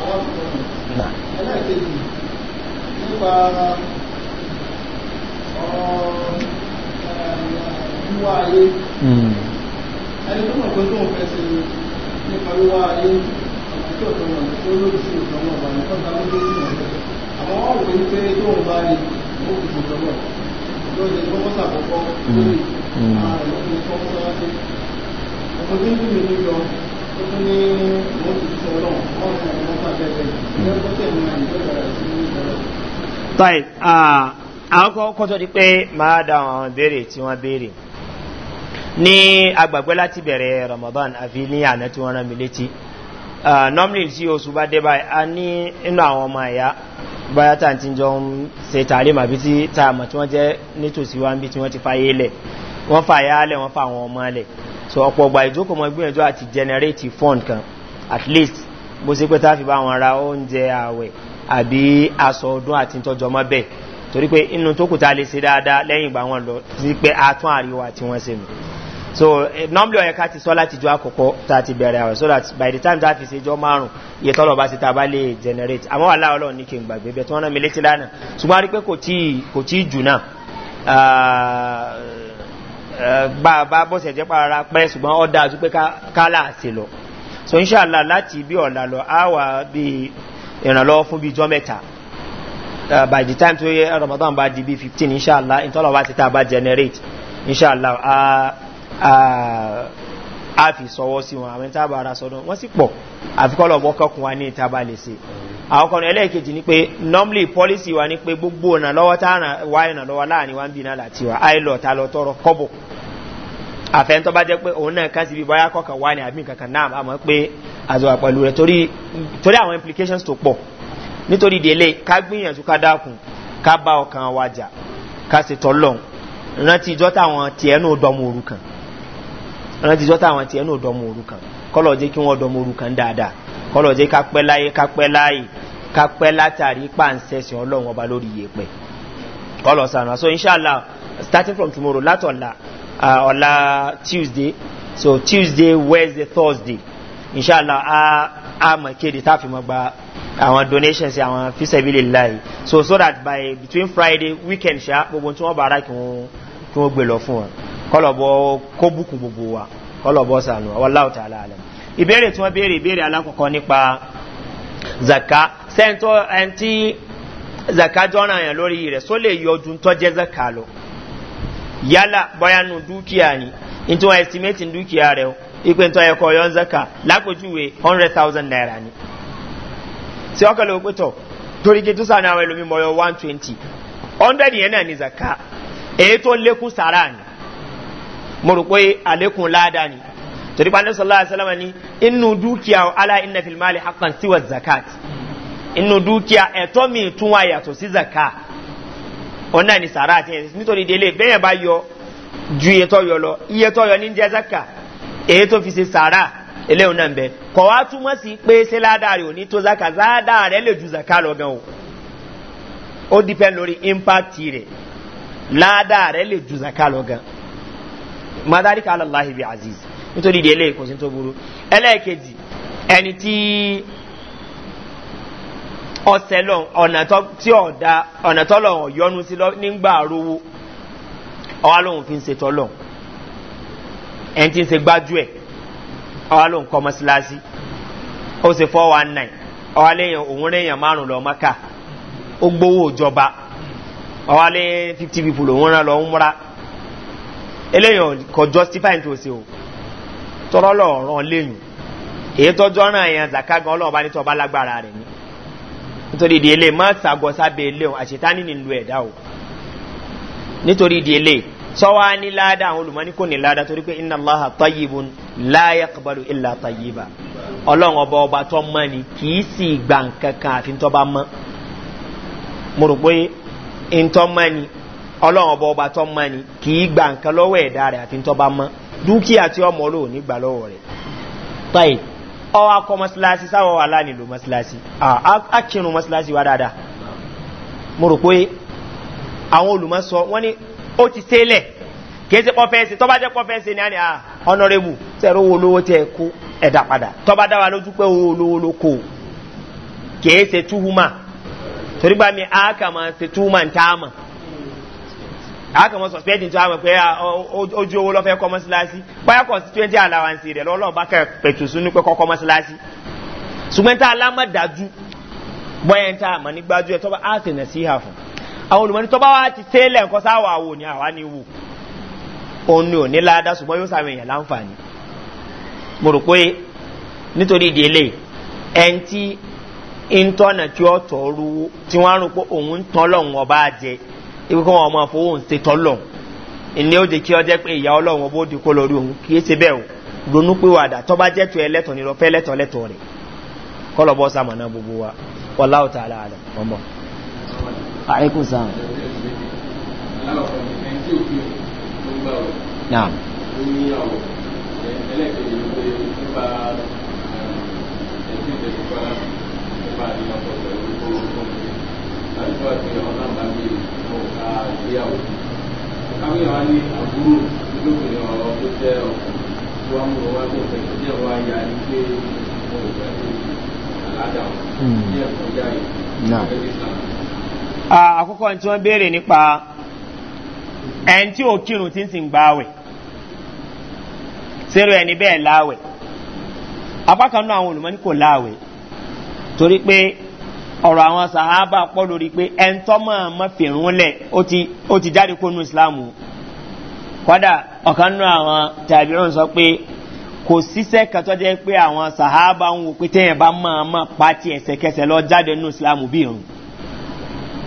ẹlẹ́ẹ̀kejì nípa wíwá ayé hmm. ẹni tó mọ̀ pé tó ń fẹ́ sí nípa wíwá ayé àti ọ̀tọ̀ wọn tó lórí sí ọ̀tọ̀ wọn wà ní kọ́ta ló dé sí ọ̀tọ̀ àwọn wọn wò ní pé tó ń bá ní ó kù ọ̀tọ̀ wọn lórí kọ́mọ́sà àkọ́kọ́ hmm. lórí àwọn ọ̀tọ̀ kọ́mọ́sà wájú ọmọdé ń bí mi ní yọ
tọ́ì àwọn kọ́kọ́ tó di pé máa da àwọn béèrè tí wọ́n béèrè ní agbàgbẹ́ láti bẹ̀rẹ̀ ramadan àfi ní àná tí wọ́n rán mi létí normally tí oṣù bá dé báyìí a ní inú àwọn ọmọ ẹ̀yà báyá tàà tí jọ ń se tààrí màbí tí tààmà tí wọ́n jẹ́ nítòsí wá ń bí tí wọ́n ti fàyé lẹ̀ wọ́n fàyá lẹ̀ wọ́n fà àwọn ọmọ lẹ̀ so ọ̀pọ̀ ọgbà ìjókòó mọ́ gbìyànjú àti generate fund kan at least bó sí pé tá fi bá wọn ra oúnjẹ ààwẹ̀ àbí aṣọ ọdún àti ìtọ́jọ mọ́ bẹ́ẹ̀ torí pé inú tó kù tá lè ṣe dáadáa lẹ́yìn ìgbà wọn lọ sí pé a tún àríwá tí wọ́n ṣe nù so eh, nọ́mbìlì ọ̀yẹ́ká ti sọ láti jọ àkọ́kọ́ tá a ti bẹ̀rẹ̀ àwẹ̀ so that by the time tá a fi ṣe jọ márùn iye tọ́lọ̀ bá ti ta bá lè generate àmọ́ wà láwọ́ lọ́wọ́ ní kí n gbàgbé bẹ́ẹ̀ tí wọ́n rán mi létí lánàá ṣùgbọ́n rí pé kò tí jù náà ah, gba eh, bá bọ́sẹ̀ jẹ́ pàrà pẹ́ ṣùgbọ́n ọ́ dáa pé kálà sí lọ so ń ṣàlá láti bí ọ̀la lọ á wà bí ìrànlọ́wọ́ fún bí jọ eh, by the time tó yẹ ramadan bá di bí 15 ìṣàlá ìtọ́lọ̀ wá ti tá a bá generate ìṣàlá a fi sọwọ́ sí wọn àwọn ìtàbà ara sọdún wọ́n sì pọ̀ àfikọ́lọ̀ bọ́kọ̀kùn wa ní ìtàbà lè ṣe àkọ́kọ́ ẹlẹ́ẹ̀kejì ni pé normally policy wa ni pé gbogbo ọ̀nà lọ́wọ́ tá wá ìrìnà lọ́wọ́ láàrin wa ń bí náà láti wá àìlọ́ ta lọ tọrọ kọ́bọ̀ àfẹ́ntọ́ bá jẹ́ pé òun náà kásì bí bọ́yá kọ́kàn wá ní àbí kankan náà àmọ́ pé àzọ̀wà pẹ̀lú rẹ̀ torí àwọn implications tó pọ̀ nítorí délé ká gbìyànjú ká dákun ká bá ọkàn wa jà ká sì tọ́lọ̀ rántí ìjọ́ táwọn tiẹ̀ náà dọ́mọ òru kan rántí ìjọ́ táwọn tiẹ̀ náà dọ́mọ òru kọ́lọ̀ jẹ́ kí wọ́n dọ́mọ òru dáadáa kọ́lọ̀ jẹ́ kápẹ́ láyé kápẹ́ láyé kápẹ́ látàrí pàǹsẹ̀sẹ̀ ọlọ́run ọba lórí yẹpẹ̀ kọ́lọ̀ sànà so inshallah starting from tomorrow látọ̀la ọ̀la tuesday so tuesday wednesday thursday inshallah a a mọ̀ kéde tá a fi mọ̀ gba àwọn donations àwọn fisabili láyé so so that by between friday weekend ṣá gbogbo tí wọ́n bá ara kí wọ́n kí wọ́n gbé lọ fún wọn kọ́lọ̀ bọ́ kó bùkún gbogbo wa kọ́lọ̀ bọ́ sànà wọ́n láwùtà àlàálẹ̀ ìbéèrè tí wọ́n béèrè ìbéèrè alákọ̀ọ́kọ́ nípa zaka sẹ́ńtọ́ ẹ̀ńtí zaka jọ́ra yàn lórí rẹ̀ só lè yọ ọdún tọ́jẹ́ zaka lọ yálà bọ́yá nu dúkìá ni nítorí wọn estimate dúkìá rẹ̀ o ipe ntọ́ ẹ̀kọ́ yọ zaka lápòjúwe hundred thousand naira ni tí ọkọ̀ lè wọ́pẹ́ tọ̀ torí kí tó sàn àwọn ẹlòmímọ̀ yọ one twenty hundred yẹn náà ni zaka èyí tó lékún sàrà ni mo rò pé àlékún ládàá ni torí pàdé sọlá àṣàlámà ní inú dúkìá ala iná filimali hakan tiwa zakat inú dúkìá ẹ̀tọ́ mi tún wá yàtọ̀ sí zaka ọ̀nà ní sàrà àti ẹ̀sìn nítorí délé bẹ́ẹ̀ bá yọ ju iye tọ́ yọ lọ iye tọ́ yọ ní jẹ́ zaka èyí tó fi ṣe sàrà eléyìí náà bẹ kọ̀ wá túmọ̀ sí pé ṣé ládàá rẹ̀ ò ní tó zaka zádàá rẹ̀ lè ju zaka lọ gan o ó dìpẹ́ lórí impact rẹ̀ ládàá rẹ̀ lè ju zaka lọ gan madari ka bi aziz nítorí ìdí eléyìí kò sí tó burú ẹlẹ́ẹ̀kejì ẹni tí ọ̀sẹ̀ lọ ọ̀nà tí ọ̀dà ọ̀nà tọ́lọ̀ yọnu sí nígbà rówó ọ̀wá lòun fi ń ṣe tọ́lọ̀ ẹni tí ń ṣe gbájú ẹ̀ ọ̀wá lòun kọ́ mọ́síláṣí ó ṣe four one nine ọ̀wá lẹ́yìn òun rẹ̀yìn márùn lọ mọ́kà ó gbowó ìjọba ọ̀wá lẹ́yìn fifty people lòun rán lọ ń múra eléyìí kò justify ní tòsí o. tọrọlọ ọ̀ràn léyìn èyí tọ́jọ́ náà yẹn zakagan ọlọ́run bá ní tọ́ lágbára rẹ̀ ni nítorí ìdí ilé má sàgọ́ sábẹ́ ilé o àṣetánì nílùú ẹ̀dá o nítorí ìdí ilé sọ́wọ́ á ní ládà àwọn olùmọ́ni kò ní ládà torí pé iná láha tayibun láyà kọbalù ilà tayiba ọlọ́run ọba ọba tó mọ́ ni kì í sì gbà ọlọ́run ọba ọba tó mọ́ ni kì í gba nǹkan lọ́wọ́ ẹ̀dá rẹ̀ àti tó mọ́ dúkìá tí ọmọ rẹ̀ akọ mọ́síláṣí sáwọ́ wà lánìlò mọ́síláṣí akínrun mọ́síláṣí dáadáa mo rò pé àwọn olùmọ́sọ wọ́n ní ó ti sẹ́lẹ̀ kìí ṣe pọ́fẹ́sì tọ́ba jẹ́ pọ́fẹ́sì ní àná ọ̀nàrẹ́bù kó padà tọ́ba lójú pé owó ló àkàmọ́ suspect tó àwọn pé ah, ojú owó lọ́fẹ́ kọ́ mọ́síláṣí báyà constituency allowance rẹ̀ lọ́lọ́run bá kẹ́ pẹ̀tù sínú pé kọ́kọ́ mọ́síláṣí ṣùgbọ́n tá a lámọ̀ dájú bọ́yẹ̀ ń tá a mọ̀ ní gbájú ẹ̀ tọ́ba á sì nà sí ìhà fún àwọn olùmọ̀ni tọ́ba wa ti tẹ́lẹ̀ nǹkan sáwà wò ní àwa ní wò òun ni ò ní láadá ṣùgbọ́n yóò sàmì èèyàn láǹfààní mo rò pé nítorí ìdí eléyìí ẹni tí ń tọ́nà tí ó tọ́ ibi kí wọn máa fowó ń ṣètọ́ lọ ìní ó di kí ọ jẹ́ pé ìyá ọlọ́run ọbọ̀ òdì kó lórí òun kì í ṣe bẹ́ẹ̀ o ronú pé wàdà tó bá jẹ́ tó ẹ lẹ́tọ̀ ní lọ́fẹ́ lẹ́tọ̀ lẹ́tọ̀ rẹ̀ kọ́ lọ́ bọ́ sàmọ̀nà gbogbo wa wọlá ọ̀tá ara rẹ̀ ọmọ. àríkù sàn. naam.
ẹlẹ́kẹ̀ẹ́ àjọ hmm. ah, àti ọ̀nà àbí ọ̀ka ìgbéyàwó. Káwé wa ní àbúrò lóbìnrin ọ̀rọ̀ tí wọ́n ni pé mo ò fẹ́ tó àládà ní
ẹ̀kọ́ yá béèrè nípa ẹni tí ò kírun tí ń sìn gbáwẹ̀ sẹ́rọ ẹni bẹ́ẹ̀ láwẹ̀ apá àwọn olùmọ́ kò láwẹ̀ torí pé ọ̀rọ̀ àwọn sàhábà pọ̀ lórí pé máa ma fìrún lẹ̀ ó ti jáde kó nu ìsìláàmù kọ́dà ọ̀kan nú àwọn tàbí ọ̀n sọ pé kò síṣẹ́ kan jẹ́ pé àwọn sàhábà ń wo pé téèyàn bá máa ma lọ jáde ìsìláàmù bí irun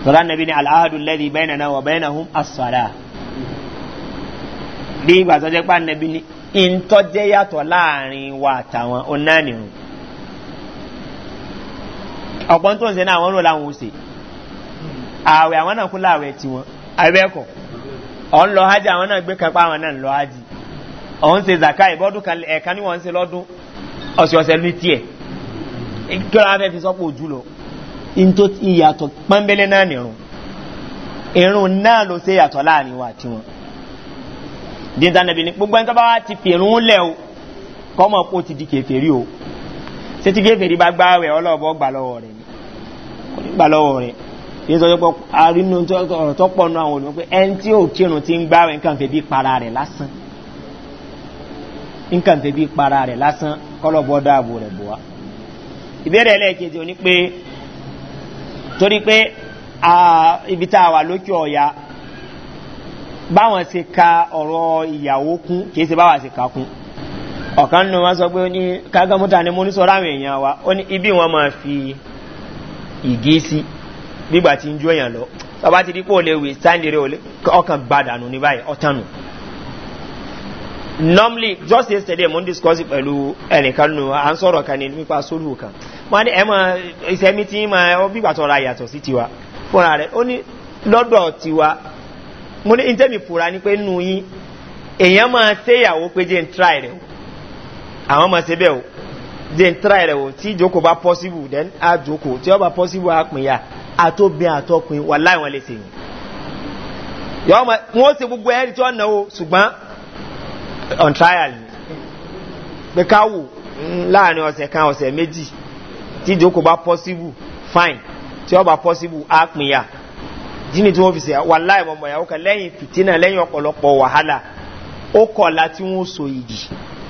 tọ́lá nàbí ni aláhàdùn lẹ́dí bẹ́ẹ̀nà náà wà bẹ́ẹ̀nà hum asọ̀dà bí ìgbà tó ni ìntọ́jẹ́ yàtọ̀ láàrin ọ̀pọ̀ tó ń na náà wọ́n rò láwọn òsè ààwẹ̀ àwọn náà kú láàwẹ̀ tí ọ̀n lọ hajj àwọn náà gbé kápá àwọn náà lọ hajj ọ̀n se zaka ìbọ́dún kan ẹ̀ka ni wọ́n ń se lọ́dún ọ̀sẹ̀ọ̀sẹ̀ ní tiẹ̀ kí wọ́n á fẹ́ fi sọ́pọ̀ ojú lọ ìyàtọ̀ pọ́nbélé náà nìrun irun náà ló ṣe yàtọ̀ láàrin wa tiwọn ni gbogbo títí gẹ́fẹ̀rí bá gbá rẹ̀ ọlọ́ọ̀bọ̀ gbà lọ́wọ́ rẹ̀ gbà lọ́wọ́ rẹ̀ yìí tó yọpọ̀ arínú ọ̀rọ̀ tó pọ̀ nù àwọn olùmọ̀ pé ẹni tí ò kírun ti ń gbá rẹ̀ nǹkan fẹ́ bí para rẹ̀ lásán nǹkan fẹ́ bí para rẹ̀ lásán kọ́lọ́bọ̀ dáàbò rẹ̀ bọ̀ ìbéèrè ẹlẹ́ẹ̀kejì ò pé torí pé ibi tá a wà lókè ọ̀ya báwọn ṣe ka ọ̀rọ̀ ìyàwó kún kì í ṣe báwọn ṣe ka kún. ọ̀kan sọ pé ní kágá mọ́tàní mú ní wa ó ibi wọn ma fi ìgé sí gbígbà tí ń jó èèyàn lọ ọba ti di ole òlé wì sáńdìrì ọkàn gbàdànù ní báyìí normally just yesterday mo ń discuss pẹ̀lú ẹnìkan nù à ń sọ̀rọ̀ kan ní nípa sólù kan ní ẹ ma ọ bí yàtọ̀ tiwa fúnra rẹ̀ ó ní tiwa mo ní ìtẹ́mi fura ni pé nù yín èèyàn máa àwọn ọmọ ṣe bẹ́ẹ̀ o jẹ́ n tíra o tí ìjókòó bá possible then á jókòó tí ó possible á pin ya àtòbin àtọkùn wà láì wọn lè ṣe yìí yọ ọmọ wọn ṣe gbogbo ẹ̀rí tí wọ́n náwó ṣùgbọ́n on trial ni pé ká wò mm, láàrin ọ̀sẹ̀ kan ọ̀sẹ̀ méjì tí ìjókòó bá possible fine tí ó possible á pin ya jíni tí wọ́n fi ṣe wà láì mọ̀mọ́ yà ó kàn lẹ́yìn fìtínà lẹ́yìn ọ̀pọ̀lọpọ̀ wàhálà ó kọ̀ láti wọ́n so igi.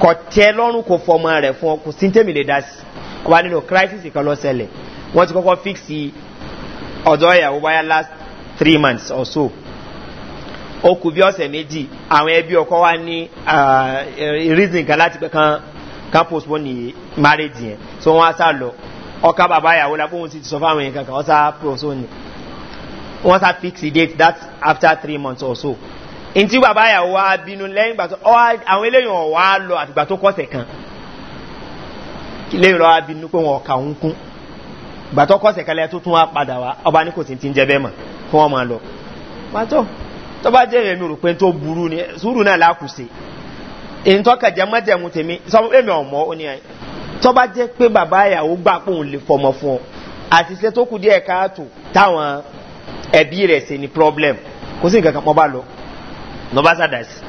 kò tẹ lọ́rùn kò fọmọ rẹ̀ fún ọ kò sí tèmi lè dá sí ọba nínú crisis kan lọ sẹlẹ̀ wọ́n ti kọ́kọ́ fíksì ọ̀dọ́ ìyàwó wáyà last three months or so ó kù bí ọ̀sẹ̀ méjì àwọn ẹbí ọkọ wa ní reason kan láti pẹ́ kan kan postpone ní marriage yẹn so wọ́n á sá lọ ọkà bàbá ìyàwó la bóun ti sọ fún àwọn yẹn kankan wọ́n sá postpone wọ́n sá fíksì date that after three months or so ntí bàbá yàwó wa bínú lẹ́yìn gbàtọ́ àwọn eléyìn ọ̀wá lọ àtìgbà tó kọ́sẹ̀ kan lẹ́yìn lọ́wọ́ bínú pé wọn ọ̀kà ń kún gbàtọ́ kọ́sẹ̀ kan lẹ́yìn tó tún wá padà wá ọba ní kò sí ti ń jẹ bẹ́ẹ̀ mọ̀ kí wọ́n máa lọ. pàtó tó bá jẹ́ èmi rò pé tó burú ni sùúrù náà lákùsè ìtọ́kà jẹ́mọ́jẹ̀mú tèmi sọ pé mi ò ó ní tó bá jẹ́ pé bàbá yàwó gbà pé òun lè fọmọ fún ọ àtìsẹ́ tó kù díẹ̀ káàtó táwọn ẹbí rẹ̀ ṣe ni problem kò sí nǹkan kan pọ́n bá lọ no basa dasi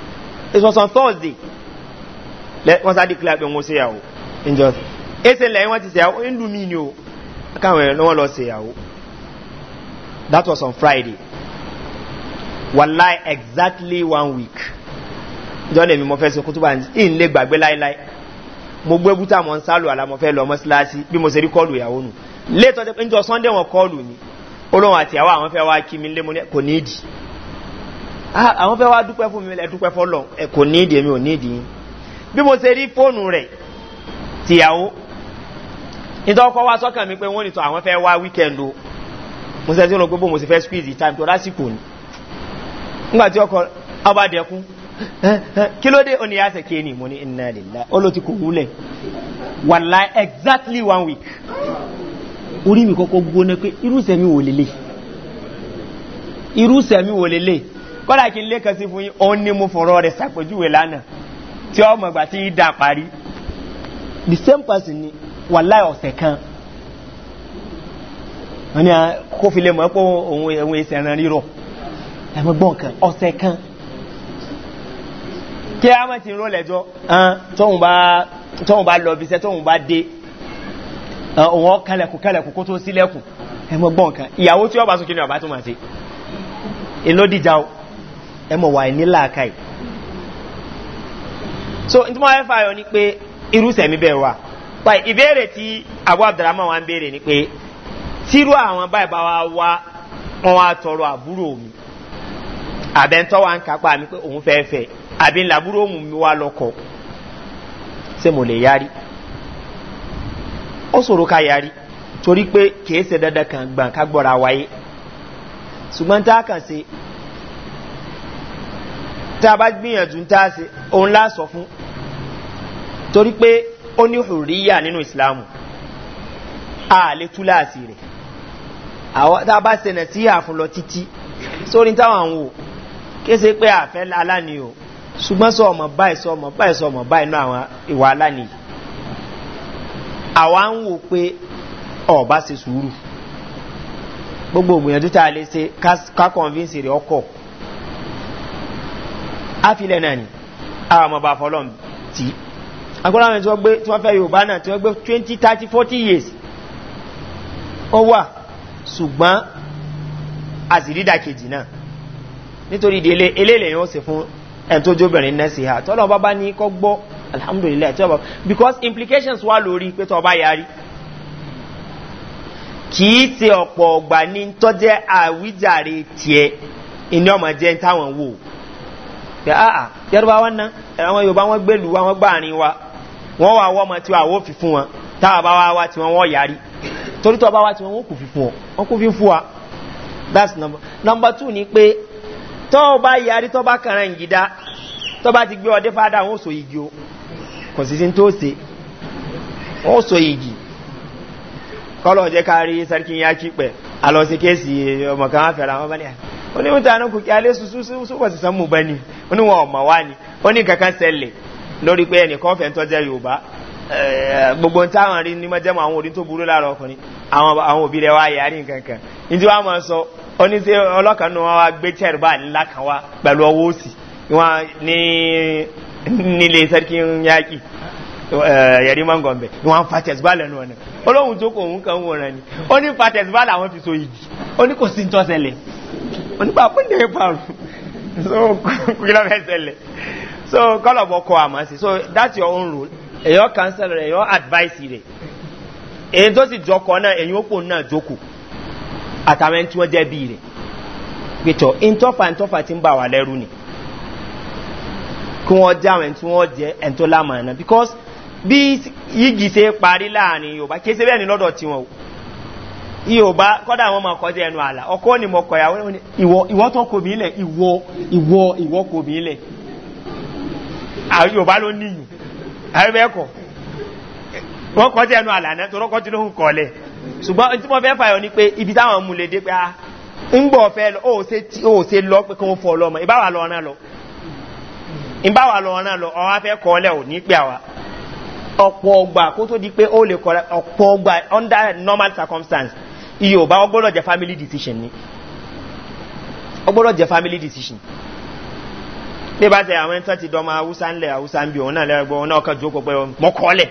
it was on thursday wọ́n I declare pé wọ́n ṣe yàwó njọ́ ẹsẹ̀ lẹ́yìn wọ́n ti ṣe yàwó ń lu mí ni o káwọn ẹ̀rọ wọn lọ ṣe yàwó that was on friday wàláì exactly one week John, lèmi mo fẹ́ ṣe kútúbà ń lè gbàgbé láéláé mo gbé bútà mọ̀ ń sálò àlà mo fẹ́ lọ mọ́síláṣí bí mo ṣe rí kọ́ọ̀lù ìyàwó nù léètọ́ njọ́ sunday wọn kọ́ọ̀lù ni olóhùn àtìyàwó àwọn fẹ́ wá kí mi lé mo ní kò ní ìdí Ah, àwọn fẹ́ wá dúpẹ́ fún mi ẹ dúpẹ́ fọlọ ẹ kò ní ìdí èmi ò ní ìdí yín bí mo ṣe rí fóònù rẹ̀ tìyàwó nítorí ọkọ wa sọ́kàn mi pé wọ́n ní tọ́ àwọn fẹ́ wá wíkẹ́ndì o mo ṣe ti rò pé bó mo ṣe fẹ́ squeeze time tó lásìkò ni nígbà tí ọkọ ọba dẹkun kí ló dé oní yàtọ̀ kí ni mo ní iná lílá ó ló ti kò wúlẹ̀ wàlá exactly one week orí mi kọ́kọ́ gbóná pé irú sẹ́mi wò lélẹ̀ irú sẹ́mi wò lélẹ̀ kọ́dà kí n lé kan sí fún yín òun ni mo fọ̀rọ̀ rẹ̀ sàpèjúwe lánàá tí ọmọ ìgbà tí dà parí the same person ni wà láì ọ̀sẹ̀ kan wọ́n ní ah, kó fi lè mọ̀ pé òun èsì ẹran rírọ̀ ẹ̀mọ́ gbọ́n kan ọ̀sẹ̀ kan kí a mọ̀ ti ń rólẹ̀ jọ tóun bá lọ bí iṣẹ́ tóun bá dé ah, òun ọ̀ kalẹ̀kù kalẹ̀kù kó tó sílẹ̀kù ẹ̀mọ́ kan ìyàwó tí ọ bá sókè ní ọ̀bá tó máa ṣe èlódìjà o ẹmọ wà ní làákàì so n tí wọ́n fẹ́ fààyọ ni pé irú sẹ̀mí bẹ́ẹ̀ wà pa ìbéèrè tí abu abdulrahman wa ń béèrè ni pé tírú àwọn báyìí bá wa wá wọn wá tọrọ àbúrò mi àbẹ̀ntọ́ wa ń kápá mi pé òun fẹ́ fẹ́ àbí làbúrò mi wá lọ́kọ̀ọ́ se mo le yari ó sòro ká yari torí pé kìí ṣe dandan kan gbọ̀n ká gbọ́ra wáyé ṣùgbọ́n tá a kàn ṣe tá a bá gbìyànjú tá a ṣe òun láṣọ fún torí pé ó ní hùríyà nínú ìsìláàmù a lè tú láàṣì rẹ̀ tá a bá ṣe nà sí àfun lọ títí sórí táwọn àwọn wò kése pé àfẹ́ aláni o ṣùgbọ́n sọ ọmọ báyìí sọ ọmọ báyìí sọ ọmọ báyìí náà àwọn ìwà aláni yìí àwa ń wò pé ọba ṣe sùúrù gbogbo ògbìyànjú tá a lè ṣe ká convince rẹ̀ ọkọ̀ àfilẹ̀ náà ni àwọn ọmọ bá fọlọ́n tí agbọ́dọ̀ àwọn tí wọ́n tí wọ́n fẹ́ yorùbá náà tí wọ́n gbé twenty thirty forty years ó wà ṣùgbọ́n àsìrídàkejì náà nítorí ìdílé eléèlè yẹn ó sì fún ẹni tó jóbìnrin náà sí ha tọ́lọ́ bá bá ní kọ́ gbọ́ alhamdulilayi tí wọ́n bá because implications wà lórí pé tọ́ ọba yarí kì í ṣe ọ̀pọ̀ ọ̀gbà ní tọ́jẹ́ àwíjàre tiẹ̀ ìní ọmọ jẹ́ táwọn wò pé àà yẹrùbá wọn náà àwọn yorùbá wọn gbèlú wọn gbà rìn wa wọn wà wọ ọmọ tí wọn àwọ fífún wọn táwọn bá wá wá tí wọn wọn yàrí torí tó bá wá tí wọn kò fi fún ọ wọn kò fi fún wa that's number number two ni pé tọ́ ọ bá yarí tọ́ bá kàrán ìgídá tọ́ bá ti gbé ọdẹ fada wọn ò sọ igi o kò sì sí tó ṣe wọn ò sọ igi kọ́lọ̀ jẹ́ ká rí sarkin yá kí pẹ̀ àlọ́ sí wani mutanen ku kyale su su su ba su san mu ba ni wani wọn ọmọ wa ni wani kankan sẹlẹ lórí pé ẹnìkan fẹ́ tọ́ jẹ́ yorùbá eh, gbogbo táwọn rí ní mọ́jẹ́mọ́ àwọn òdí tó burú lára ọkùnrin àwọn òbí rẹ̀ wá yà ní kankan nítorí wọn máa sọ oní tí ọlọ́kan náà wá gbé chair bá ńlá kan wá pẹ̀lú ọwọ́ òsì ní nílé sẹ́kí yáàkì eh, yẹ̀rí mọ́ngọ̀mbẹ̀ ni wọ́n fa tẹ̀síbá lẹ́nu ọ̀nà olóhun tó kò òun kan wòran ni ó ní fa tẹ̀síbá làwọn fi so igi ó ní kò sí ń tọ́sẹ̀lẹ̀ aiki wani ba so kila so kọ́lọ̀ bọ̀ kọ́ àmọ́ sí so that's your own rule èyàn cancel rẹ̀ èyàn advice rẹ̀ èyí tó sì jọkọ̀ náà èyàn òpó náà jókòó àtàwọn ẹni tí wọ́n jẹ́ bí rẹ̀ pẹ̀tọ̀ ìntọ́fà ìntọ́fà ti ń bà wà lẹ́rú ni kí wọ́n já àwọn tí wọ́n jẹ́ ẹni tó lámọ̀ náà because bí yígi ṣe parí láàrin yorùbá kí ṣe bẹ́ẹ̀ ni lọ́dọ̀ tiwọn o ìhòbá kọ́dà àwọn ọmọ ọkọ̀jẹ́ ẹnu àlà ọkọ́ ni mo kọ̀ ìyàwó ìwọ́ tó kò mí lẹ̀ ìwọ́ ìwọ́ ìwọ́ kò mí lẹ̀ àwọn ìhòbá ló níyù àríwẹ̀ẹ́kọ̀ wọ́n kọjẹ́ ẹnu àlà náà torọ́kọ́ tí ló ń kọ̀ lẹ̀ ṣùgbọ́n tí wọ́n fẹ́ fàyọ ni pé ibi táwọn mú lè dé pé a ah, ń gbọ́ ọ̀fẹ́ ó ṣe lọ pé kí wọ́n fọ fẹ́ ọ̀pọ̀ ọgbà kó tó di pé ó lè kọ́ ọ̀pọ̀ ọgbà under normal circumstances iye ò bá ọgbọ́dọ̀ family decision ni ọgbọ́dọ̀ jẹ́ family decision bí bá tẹ àwọn ẹni tán ti dọ́mọ haúsá ńlẹ̀ haúsá ń bí òun náà lẹ́gbọ́n òun náà kàn jókòó pé mọ́kọ́lẹ̀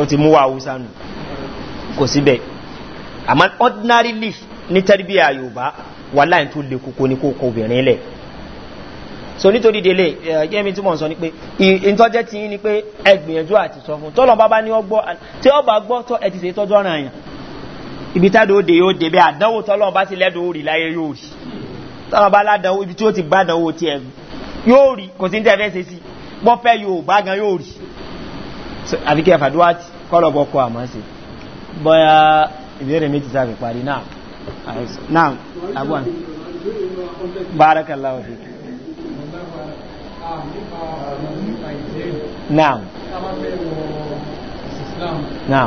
ó ti mú wa haúsá nù kò síbẹ̀ àmọ́ ordinary leaf ní tẹ́lifíà yorùbá wà láì tó le koko ní kókó obìnrin lẹ̀ so nítorí délé ẹ̀yẹ́mi tí mò ń sọ ni pé ìtọ́jẹ́ ti ní pé ẹgbìyànjú àti sọ fún tọ́lọ́ bá bá ní ọgbọ́ tí ọba gbọ́ tọ́ ẹ ti ṣe tọ́jú ọ̀ràn àyàn ibi tádò òde yóò dé bẹ́ẹ̀ àdánwò tọ́lọ́wọ́n bá ti lẹ́dọ̀ òrì láyé yóò rí tọ́lọ́wọ́n bá ládánwò ibi tí ó ti gbádánwò tiẹ̀ yóò rí kò sí ní tẹ́ fẹ́ ṣe sí bọ́fẹ́ yóò bá gan yóò rí àbíkẹ́ fàdúrátì kọ́lọ̀bọ̀ kọ àmọ́ sí bọ́yá ìbéèrè méjì sáfẹ́ parí náà náà àbúwà bárakàlá òfin
náà náà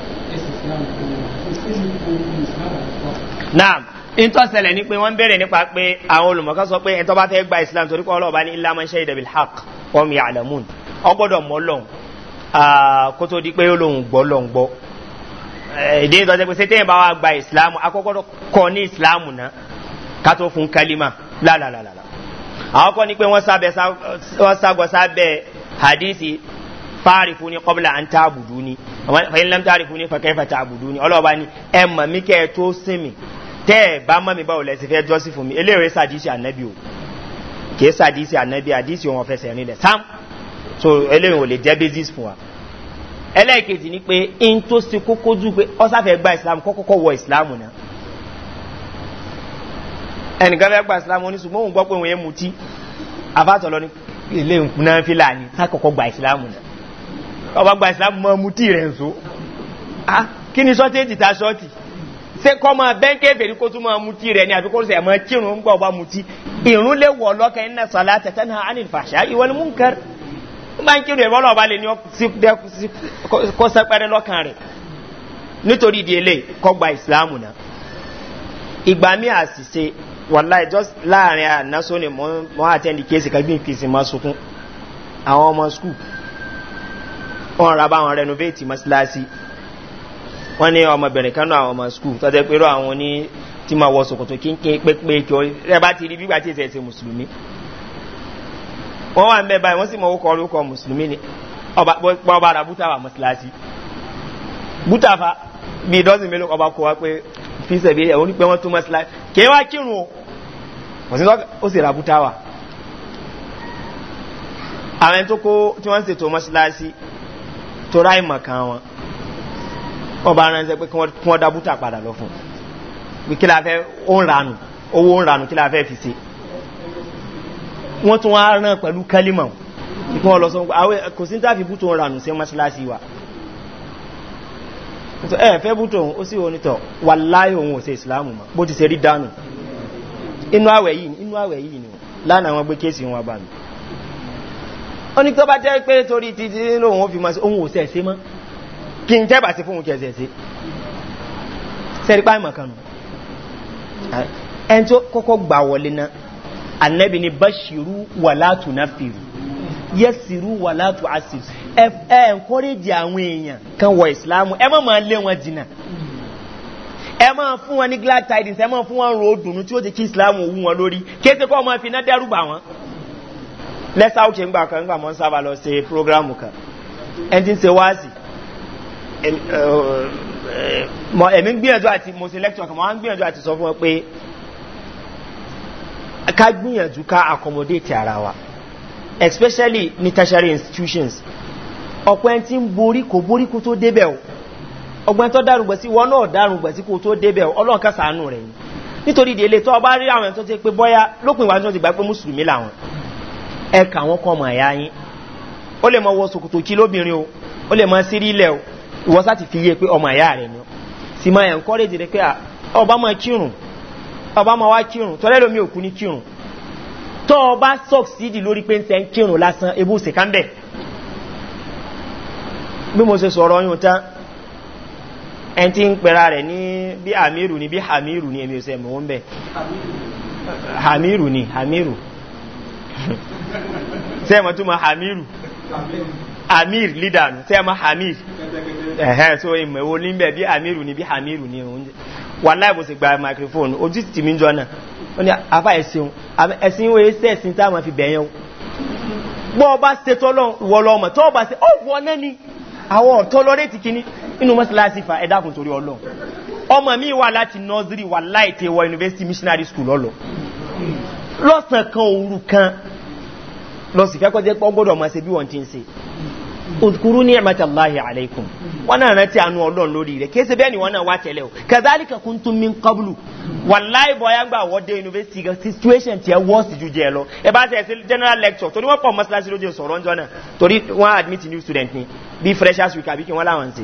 naam ntọ́ sẹlẹ̀ ni pé wọ́n bẹ̀rẹ̀ nípa pé àwọn olùmọ̀ká sọ pé ẹ̀tọ́ bá fẹ́ gba islam torí kọ́ ọlọ́ọ̀bá ní ilá mọ́ṣẹ́ ìdẹ̀bí haq wọ́n mi àlàmùn ọgbọ́dọ̀ mọ́ lọ́hùn kó tó di pé olóhùn gbọ́ lọ́hùn gbọ́ èdè ìtọ́ sẹ́ pé ṣé téèyàn bá wá gba islam akọ́kọ́ kọ́ ní islam náà ká tó fún kalima lálàlàlà àwọn kọ́ ni pé wọ́n sábẹ́ hadisi fáàrífù ni kọ́bílà à ń tá àbùdú ni fẹ́yìn lẹ́m táàrífù ni fẹ́kẹ́fẹ́ tá àbùdú ni ọlọ́ọ̀bá ni ẹ mọ̀ mí kẹ́ ẹ tó sìn mi tẹ́ ẹ bá mọ̀ mi báwo lẹ́sìn fẹ́ jọ́sí fún mi eléyìí sàdísì ànábì o kì í sàdísì ànábì àdísì wọn fẹsẹ̀ rin lẹ̀ sam so eléyìí ò lè jẹ́ basis fún wa. ẹlẹ́ẹ̀kejì ni pé in tó ṣe kókó jù pé ọ sáfẹ́ gba islam kọ́kọ́kọ́ wọ islam náà ẹnìkan fẹ́ gba islam oníṣùgbọ́n òun gbọ́ pé òun yẹn mutí àbátọ̀ lọ ní ilé ìkúná fílà ni sákọ̀kọ́ gba islam náà ọba gba islam mọ mutí rẹ̀ ń so ah kí ni sọ́tẹ́ẹ̀tì ta sọ́ọ̀tì ṣé kọ́ máa bẹ́ńkẹ́ fèrè kó tún máa mutí rẹ̀ ni àbí kó sẹ̀ máa kírun ń gbọ́ ọba mutí ìrún lè wọ̀ lọ́kàn iná sọ̀lá tẹ̀tẹ̀ náà á ní fàṣà ìwọ ni mú ń kẹ́rì ń bá ń kírun ìwọ́n ọba lè ní kó sẹ́pẹ́rẹ́ lọ́kàn rẹ̀ nítorí ìdí eléyìí kọ́ gba islam náà ìgbà mi àṣìṣe wàláì just láàrin àná sóni mọ́ àtẹ́ndì kéèsì kan gbé ìfìsì máa sunkún wọ́n ra báwọn renovate mọ́síláṣí wọ́n ní ọmọbìnrin kan náà àwọn ọmọ skul tọ́jẹ́ pé irú àwọn ní tí máa wọ sòkòtò kínkín pépé kí ẹ bá ti rí bí gbàtí ìṣẹ̀ ṣe mùsùlùmí wọ́n wà ń bẹ́ báyìí wọ́n sì mọ orúkọ orúkọ mùsùlùmí ni ọba ara búta wà mọ́síláṣí búta fa bí dọ́sìn mélòó ọba kọ wá pé fíṣẹ̀ bí ẹ̀wọ́n pé wọ́n tún mọ́síláṣí kí wá kírun o kò sí ó sì ra búta wà àwọn ẹni tó kó tí wọ́n ń ṣètò mọ́síláṣí torí àìmọ̀ kan wọn wọn bá ránṣẹ́ pé kí wọ́n dá bútà padà lọ fún un kí la fẹ́ ó ń ranù owó ń ranù kí la fẹ́ fi ṣe wọ́n tún wá rán pẹ̀lú kẹ́límọ̀ kí wọ́n kò sí tàbí bútò ń sí mọ́ṣáláṣí wa ẹ fẹ́ bútò òun ó sì wọ́n nítọ̀ wà láyé òun ò se ìsìláàmù mọ́ bó ti se rí dánù inú àwẹ̀ yìí ni lánàá wọn gbé kéèsì wọn bá mi ó ní tó bá jẹ́ pé torí ti ti lóun ó fi máa ṣe òun ò sẹ̀ ṣe mọ́ kí n tẹ́bà sí fóun jẹ̀ṣẹ̀ ṣe sẹ́rí páì mọ̀kànnù ẹni tó kọ́kọ́ gbà wọlé náà anẹ́bì ni bá ṣìrú wà látù náà fìrù yẹ ṣìrú wà látù àṣìrù ẹ ẹ̀ńkọ́rẹ́jì àwọn èèyàn kan wọ ìsìláàmù ẹ má máa lé wọn jìnnà ẹ máa fún wọn ní glad tidings ẹ máa fún wọn ròó dùnú tí ó ti kí ìsìláàmù wú wọn lórí kéèké kọ́ ọ máa fi iná dẹ́rù bà wọ́n lẹ́sà òkè ńgbà kan ńgbà mọ́ ń sábà lọ ṣe prógrámù kan ẹni tí ń ṣe wáàsì ẹ̀mí ń gbìyànjú àti mo ṣe lẹ́kítọ̀ kan mo ń gbìyànjú àti sọ fún wọn pé ká gbìyànjú ká accommodate ara wa especially ní tertiary institutions ọ̀pọ̀ ẹni tí ń borí kò borí kó tó débẹ̀ o ọgbọ́n tó dárùn gbẹ̀sí wọn náà dárùn gbẹ̀sí kó tó débẹ̀ o ọlọ́run kásánù rẹ̀ nítorí ìdílé tó ọba rí àwọn ẹni tó ti pé bọ́yá lópin ìwà tó ti gbà pé mùsùlùmí làwọn ẹ kà wọ́n kọ́ ọmọ ẹ̀yà yín ó lè mọ wọ sòkòtò kí lóbìnrin o ó lè mọ sírí ilẹ̀ o ìwọ sá ti fi yé pé ọmọ ẹ̀yà rẹ̀ ni ó sì máa ẹ̀ ń kọ́ léde pé ọba máa kírun ọba máa wá kírun tọ́lẹ́ lómi òkú ní kírun tọ́ ọba sọ́ọ̀sìdì lórí pé ń tẹ́ ń kírun lásán ebú sèkáńbẹ̀ bí mo ṣe sọ̀rọ̀ yóò tán ẹn tí ń pẹ̀ra rẹ̀ ní bí hamiru ni bí hamiru ni èmi ò sẹ́ mọ̀ wọ́n bẹ̀ hamiru ni hamiru sẹ́ẹ̀mọ̀ tó ma hamiru amir leader nù sẹ́ẹ̀mọ̀ hamir ẹ̀hẹ́n so ìmọ̀ èwo ní bẹ̀ bí hamiru ni bí hamiru ni oúnjẹ wà láìbò sì gba microphone ojú ti mi jọ náà ó ní afá ẹ̀sìn ẹ̀sìn wo ẹ̀sìn ẹ̀sìn tá a máa fi bẹ̀yẹn o ni àwọn ọ̀tọ́ lọ́rẹ́ ti kíní inú mọ́síláṣí fa mi wà láti nursery wà university missionary school ọlọ́ lọ́sàn kan òru kan lọ sí fẹ́kọ́ jẹ́ pọ́gbọ́dọ̀ máa ṣe bí wọ́n ti ń ṣe òkúrú ní ẹ̀mẹ́ta láàyè àlẹ́kùn wọn náà rántí àánú ọlọ́run lórí rẹ̀ kéésì bẹ́ẹ̀ ni wọn náà wá tẹ̀lé o kàdáàlì kankan tún mí kọ́bùlù wàláì bọ́yá gbà wọ́dé yunifásitì kan situation tiẹ̀ wọ́ọ̀sì ju jẹ́ lọ ẹ bá tẹ̀ general lecture torí wọ́n pọ̀ mọ́ṣáláṣí lójú sọ̀rọ̀ ńjọ́ náà torí wọ́n admit new student ni bí freshers week àbí kí wọ́n láwọn ṣe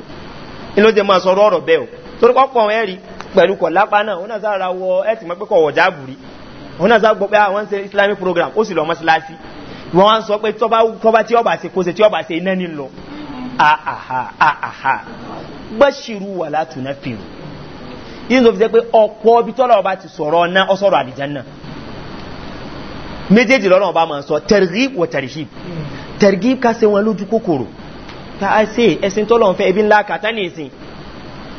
ló dé máa sọ̀rọ̀ ọ̀rọ̀ bẹ́ẹ̀ o torí wọ́n pọ̀ ẹ̀rí pẹ̀lú kọ̀ lápá náà wọn náà sára wọ ẹ̀ tì mọ́ pé kọ̀ wọ̀já àbúrí wọn náà sá gbọ́ pé àwọn ń ṣe islamic program ó sì lọ́ mọ́ṣáláṣí wọ́n wá ń sọ pé tọ́ba tí ọba ṣe kó ṣe tí ọba ṣe iná ní lọ àhà àhà gbẹ́ṣirú wà látùnà fèrè yìí ló fi jẹ́ pé ọ̀pọ̀ ibi tọ́lá ọba ti sọ̀rọ̀ ọ̀nà ọ̀sọ̀rọ̀ àdìjẹ́ náà méjèèjì lọ́nà ọba máa ń sọ tẹ̀rìgìb wọ tẹ̀rìgìb tẹ̀rìgìb ká ṣe wọn lójú kòkòrò ká á ṣe ẹ̀sìn tọ́lọ̀ ń fẹ́ ebi ńlá kàtá ní ìsìn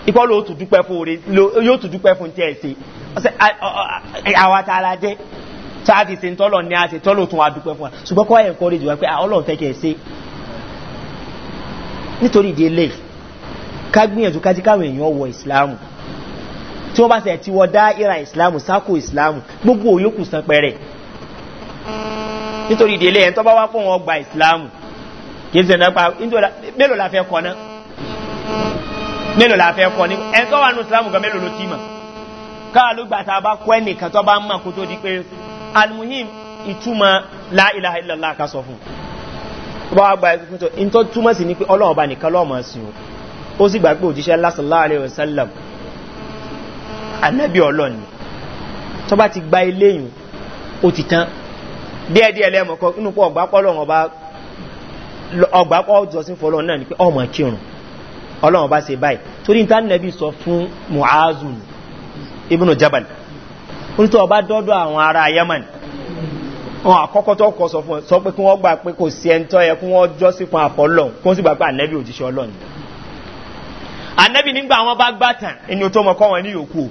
ikọ́ ló tù dúpẹ́ fún tiẹ̀ ṣe àwa tààrà jẹ́ sáàtì se tọ́lọ̀ ní àti tọ́lọ̀ tún fún wa ṣùgbọ́n kọ́ ẹ̀kọ́ rí jùlọ pé ah, ọlọ́run fẹ́ kẹ́ ẹ ṣe nítorí ìdí ilé ká gbìyànjú ká jí káwọn èèyàn wọ ìsìláàmù tí wọ́n bá ṣe ti wọ gbogbo òyòkù san nítorí ìdí wá fún wọn gba ìsìláàmù kì í ṣe nípa mélòó la fẹ́ kọ́ ná mélòó la fẹ́ kọ́ almuhim ituma la ìlàlá illallah sọ fún bá wá gba ẹkùn tó in tó túmọ̀ sí ní pé ọlọ́run bá nìkan lọ́mọ sí o ó sì gbà pé òjíṣẹ́ lásánlá alẹ́ òsàlám anábì ọlọ́ni tó bá ti gba eléyìn ó ti tán díẹ̀díẹ̀ lẹ́mọ̀kọ́ inú pọ̀ ọ̀gbápọ̀ ọlọ́run ọba ọ̀gbápọ̀ ọjọ́sìn fọlọ́run náà ni pé ọmọ kírun ọlọ́run ọba ṣe báyìí torí ní tánàbì sọ fún muazun ibùnú jabal onítọ̀ ọba dọ́dọ̀ àwọn ará yemen wọn àkọ́kọ́ tó kọ sọ fún ẹ sọ pé kí wọ́n gbà pé kò sí ẹni tọ́ yẹ kí wọ́n jọ́ sí fún àfọlọ́ kí wọ́n sì gbà pé ànẹ́bí òjíṣẹ́ ọlọ́run ànẹ́bí nígbà wọn bá gbà tán ẹni tó mọ kọ́ wọn ní yòókù o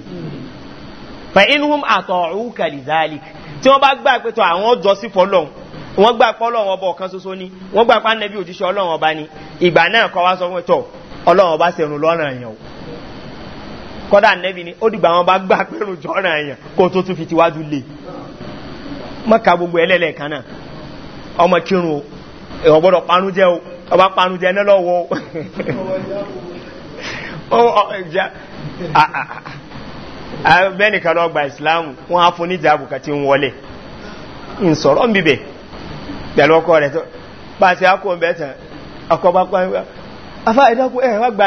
fẹ inú àtọ̀ ọ̀hún kàlìzálì tí wọ́n bá gbà pé tọ́ àwọn jọ́ sí fọlọ́run wọ́n gbà pé ọlọ́run ọba ọ̀kan ṣoṣo ni wọ́n gbà pé ànẹ́bí òjíṣẹ́ ọlọ́run ọba ni ìgbà náà kọ́ wá sọ fún ẹ tọ́ ọlọ́run ọba ṣẹ̀rùn lọ́rùn ẹ̀yàn kọ́dà nẹ́bí ni ó dìgbà wọn bá gbà pẹ̀rù jọ́ràn èèyàn kó tó tún fi lè gbogbo ẹlẹ́lẹ̀ kan ọmọ kírun o ẹ̀wọ̀n gbọ́dọ̀ o ọba panu jẹ́ náà lọ gba ìsìláàmù wọ́n á fún ní ìjà tí ń wọlé ọkọ rẹ̀ tó pàṣẹ akọ̀ akọ̀ bá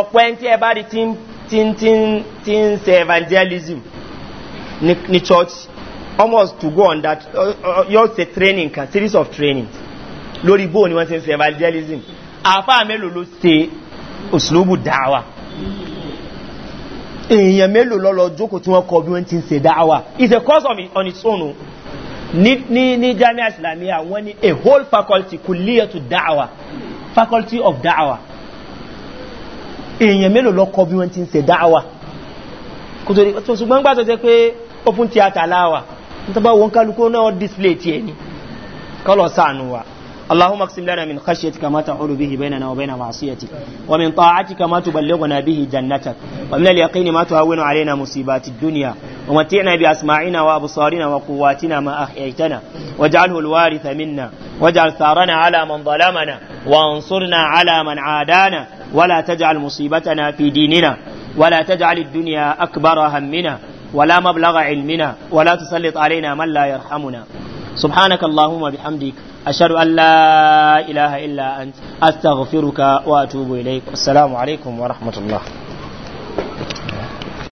ọ̀pọ̀ ẹni tí ẹ bá rí tí ń ṣe evangelism ní church almost to go on that uh, yóò ṣe training kan series of training lórí bóun ni wọ́n ṣe ń ṣe evangelism àáfàá mélòó ló ṣe òṣèlú dáwà èèyàn mélòó lọ́lọ́ jókòó tí wọ́n kọ bí wọ́n ti ń ṣe dáwà it's a course of on its own ní ní ní jamiu islamiyah wọ́n ní a whole faculty kò líyẹ̀ to dáwà faculty of dáwà èèyàn mélòó lọ́kọ́ bí wọ́n ti ń se dáwà kò tó ṣùgbọ́n gbà tó jẹ́ pé open theatre láwà nítorí wọn kálukú náà display tiẹ̀ ni kọ́lọ̀ sáànù wa اللهم اقسم لنا من خشيتك ما تحول به بيننا وبين معصيتك ومن طاعتك ما تبلغنا به جنتك ومن اليقين ما تهون علينا مصيبات الدنيا ومتعنا بأسماعنا وأبصارنا وقواتنا ما أحييتنا واجعله الوارث منا واجعل ثارنا على من ظلمنا وانصرنا على من عادانا ولا تجعل مصيبتنا في ديننا ولا تجعل الدنيا أكبر همنا ولا مبلغ علمنا ولا تسلط علينا من لا يرحمنا سبحانك اللهم بحمدك أشهد أن لا إله إلا أنت أستغفرك وأتوب إليك السلام عليكم ورحمة الله